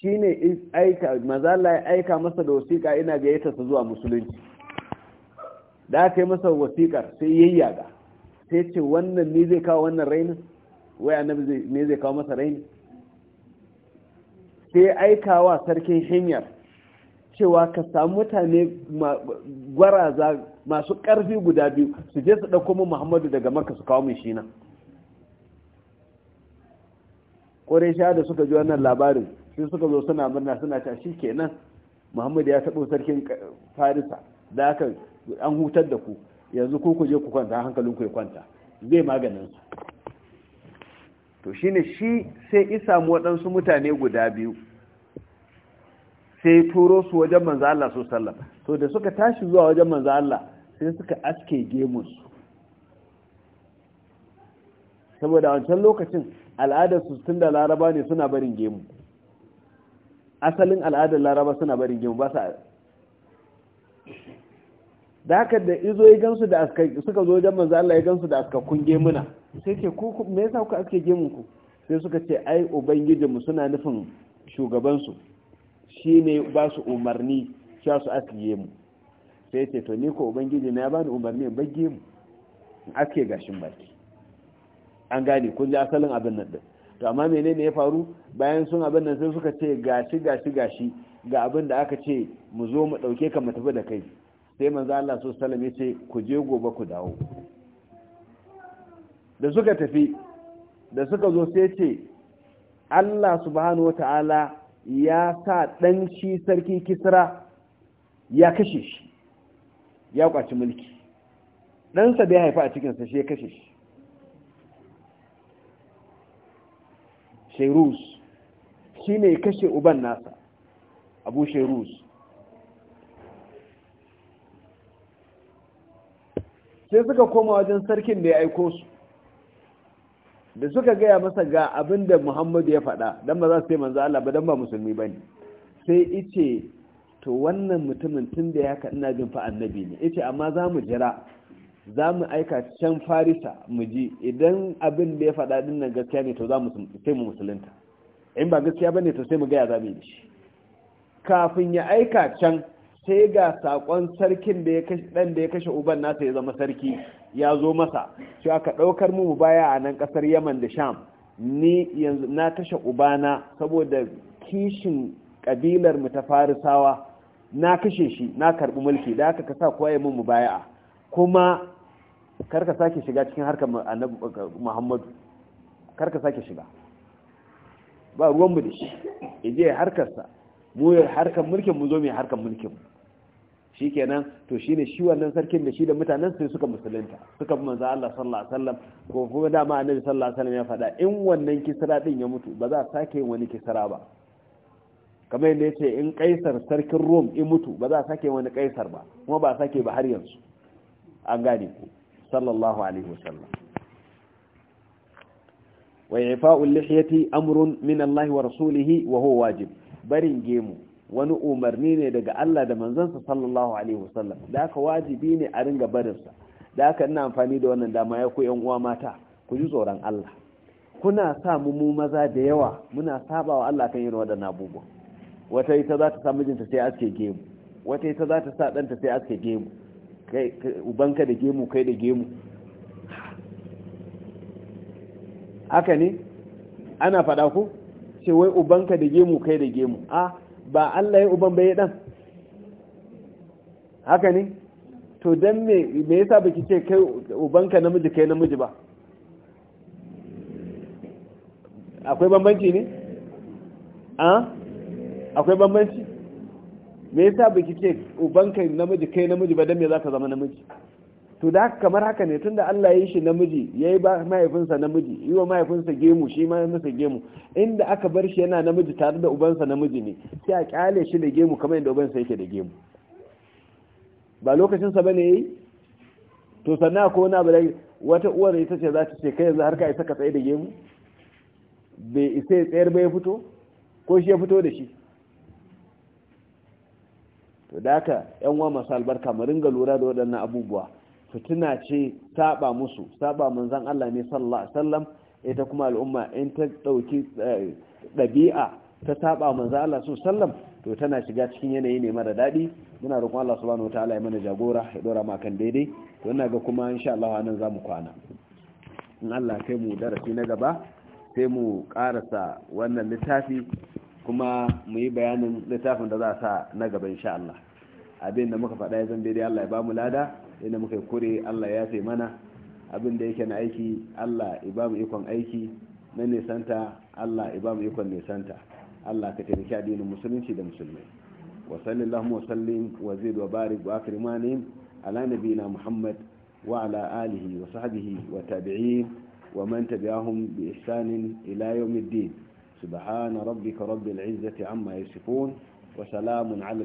shi ne aika mazala ya aika masa da wasiƙa ina gayyata su zuwa musulunci da aka yi masa wasiƙar sai yayyaga sai ce wannan ne zai kawo wannan rainin wai annabi ne zai kawo masa rainin sai aika wa sarkin hanyar cewa ka samu mutane gwaraza masu ƙarfi guda biyu su je su ɗauko mu muhammadu daga maka su kawo mun shi nan ƙorisha da suka ji wannan labarin sai suka zo suna murna suna ta shi kenan muhammadu ya taɓo sarkin farisa da aka an hutar da ku yanzu ku ku je ku kwanta hankalinku ya kwanta zai maganin su to shine shi sai isa wadansu waɗansu mutane guda biyu sai turo su wajen manzo Allah su sallam to da suka tashi zuwa wajen manza Allah sai suka aske gemunsu saboda wancan lokacin al'adar su tun da laraba ne suna barin gemu asalin al'adar laraba suna barin gemu ba sa da haka da izo ya gansu da aska suka zo wajen manzo Allah ya gansu da aska kun gemuna sai ce ku me yasa ku aske gemun ku sai suka ce ai ubangiji mu suna nufin shugaban su shine ba su umarni cewa su ge mu sai ce to ni ko ubangiji na bani umarni in ge mu in aske gashin baki an gane kun ji asalin abin nan din to amma menene ya faru bayan sun abin nan sai suka ce gashi gashi gashi ga abin da aka ce mu zo mu dauke ka mu tafi da kai sai manzo Allah so sallame ce ku je gobe ku dawo da suka tafi da suka zo sai ce Allah subhanahu wata'ala ya sa dan shi sarki Kisra ya kashe shi ya kwaci mulki ɗansa da ya haifa a cikinsa shi ya kashe shi shairus shi kashe uban nasa abu shairus sai suka koma wajen sarkin da ya aiko su da suka gaya masa ga abin da muhammadu ya faɗa don ba za su yi manzo Allah ba don ba musulmi ba ne sai ice to wannan mutumin tun da ya ina jin fa annabi ne ice amma za mu jira za mu aika can farisa mu ji idan abin da ya faɗa din gaskiya ne to za mu sai mu musulunta in ba gaskiya ba ne to sai mu gaya za mu yi shi kafin ya aika can sai ga sakon sarkin da ya kashe dan da ya kashe uban nasa ya zama sarki ya zo masa shi aka daukar mu baya a nan kasar Yaman da Sham ni yanzu na kashe ubana saboda kishin kabilar mu ta Farisawa na kashe shi na karbi mulki da haka ka sa koyi mu baya kuma karka sake shiga cikin harkar annabi Muhammadu karka sake shiga ba ruwan mu da shi yaje harkarsa mu harkar mulkin mu zo mai harkar mulkin mu shikenan to ne shi wannan sarkin da shi da mutanen sai suka musulunta suka bi manzo Allah sallallahu alaihi wasallam ko kuma dama annabi sallallahu alaihi wasallam ya faɗa in wannan kisra din ya mutu ba za a sake yin wani kisra ba kamar yadda yace in kaisar sarkin Rome in mutu ba za a sake wani kaisar ba kuma ba a sake ba har yanzu an gane ku sallallahu alaihi wasallam wa ifa'ul lihiyati amrun min Allah wa rasulihi wa huwa wajib barin gemu wani umarni ne daga Allah da manzansa sallallahu alaihi wasallam da aka wajibi ne a ringa barinsa da aka ina amfani da wannan dama ya ku yan uwa mata ku ji tsoron Allah kuna sa mu mu maza da yawa muna saba wa Allah kan yin waɗannan abubuwa wata ita za ta sa mijinta sai aske gemu wata ita za ta sa ɗanta sai aske gemu kai ubanka da gemu kai da gemu haka ne ana faɗa ku ce wai ubanka da gemu kai da gemu a ah, ba Allah ya uban bai dan haka ne to dan me me yasa baki ce kai ubanka namiji kai namiji ba akwai bambanci ne a akwai bambanci me yasa baki ce ubanka namiji kai namiji ba dan me zaka zama namiji to da kamar haka ne tunda Allah ya yi shi namiji ya yi mahaifinsa namiji yi wa mahaifinsa gemu shi ma masa gemu inda aka bar shi yana namiji tare da ubansa namiji ne sai a kyale shi da gemu kamar yadda ubansa yake da gemu ba lokacinsa ba ne yi to sannan ko na abu wata uwar ita ce za ta ce kai yanzu har ka isa ka tsaye da gemu bai isa ya tsayar ba ya fito ko shi ya fito da shi to da haka yan uwa masu albarka mu ringa lura da waɗannan abubuwa fitina ce saba musu saba manzan Allah ne sallallahu alaihi wasallam ita kuma al'umma in ta dauki eh, dabi'a ta saba manzan Allah sallallahu alaihi wasallam to tana shiga cikin yanayi ne mara dadi muna roƙon Allah subhanahu wataala ya mana jagora ya dora maka daidai to ina ga kuma insha Allah nan zamu kwana in Allah kai mu darasi na gaba sai mu karasa wannan littafi kuma mu yi bayanin littafin da za a sa na gaba insha Allah abin da muka faɗa ya zan daidai Allah ya ba mu lada inda muka kure Allah ya fi mana abin da yake na aiki Allah ibamu ikon aiki na nisanta Allah ibamu ikon nisanta Allah ka taimaki addinin musulunci da musulmai wa sallallahu wa sallim wa zid wa barik wa akrimani ala Muhammad wa ala alihi wa sahbihi wa tabi'in wa man tabi'ahum bi ihsanin ila yawmiddin subhana rabbika rabbil izzati amma yasifun wa salamun ala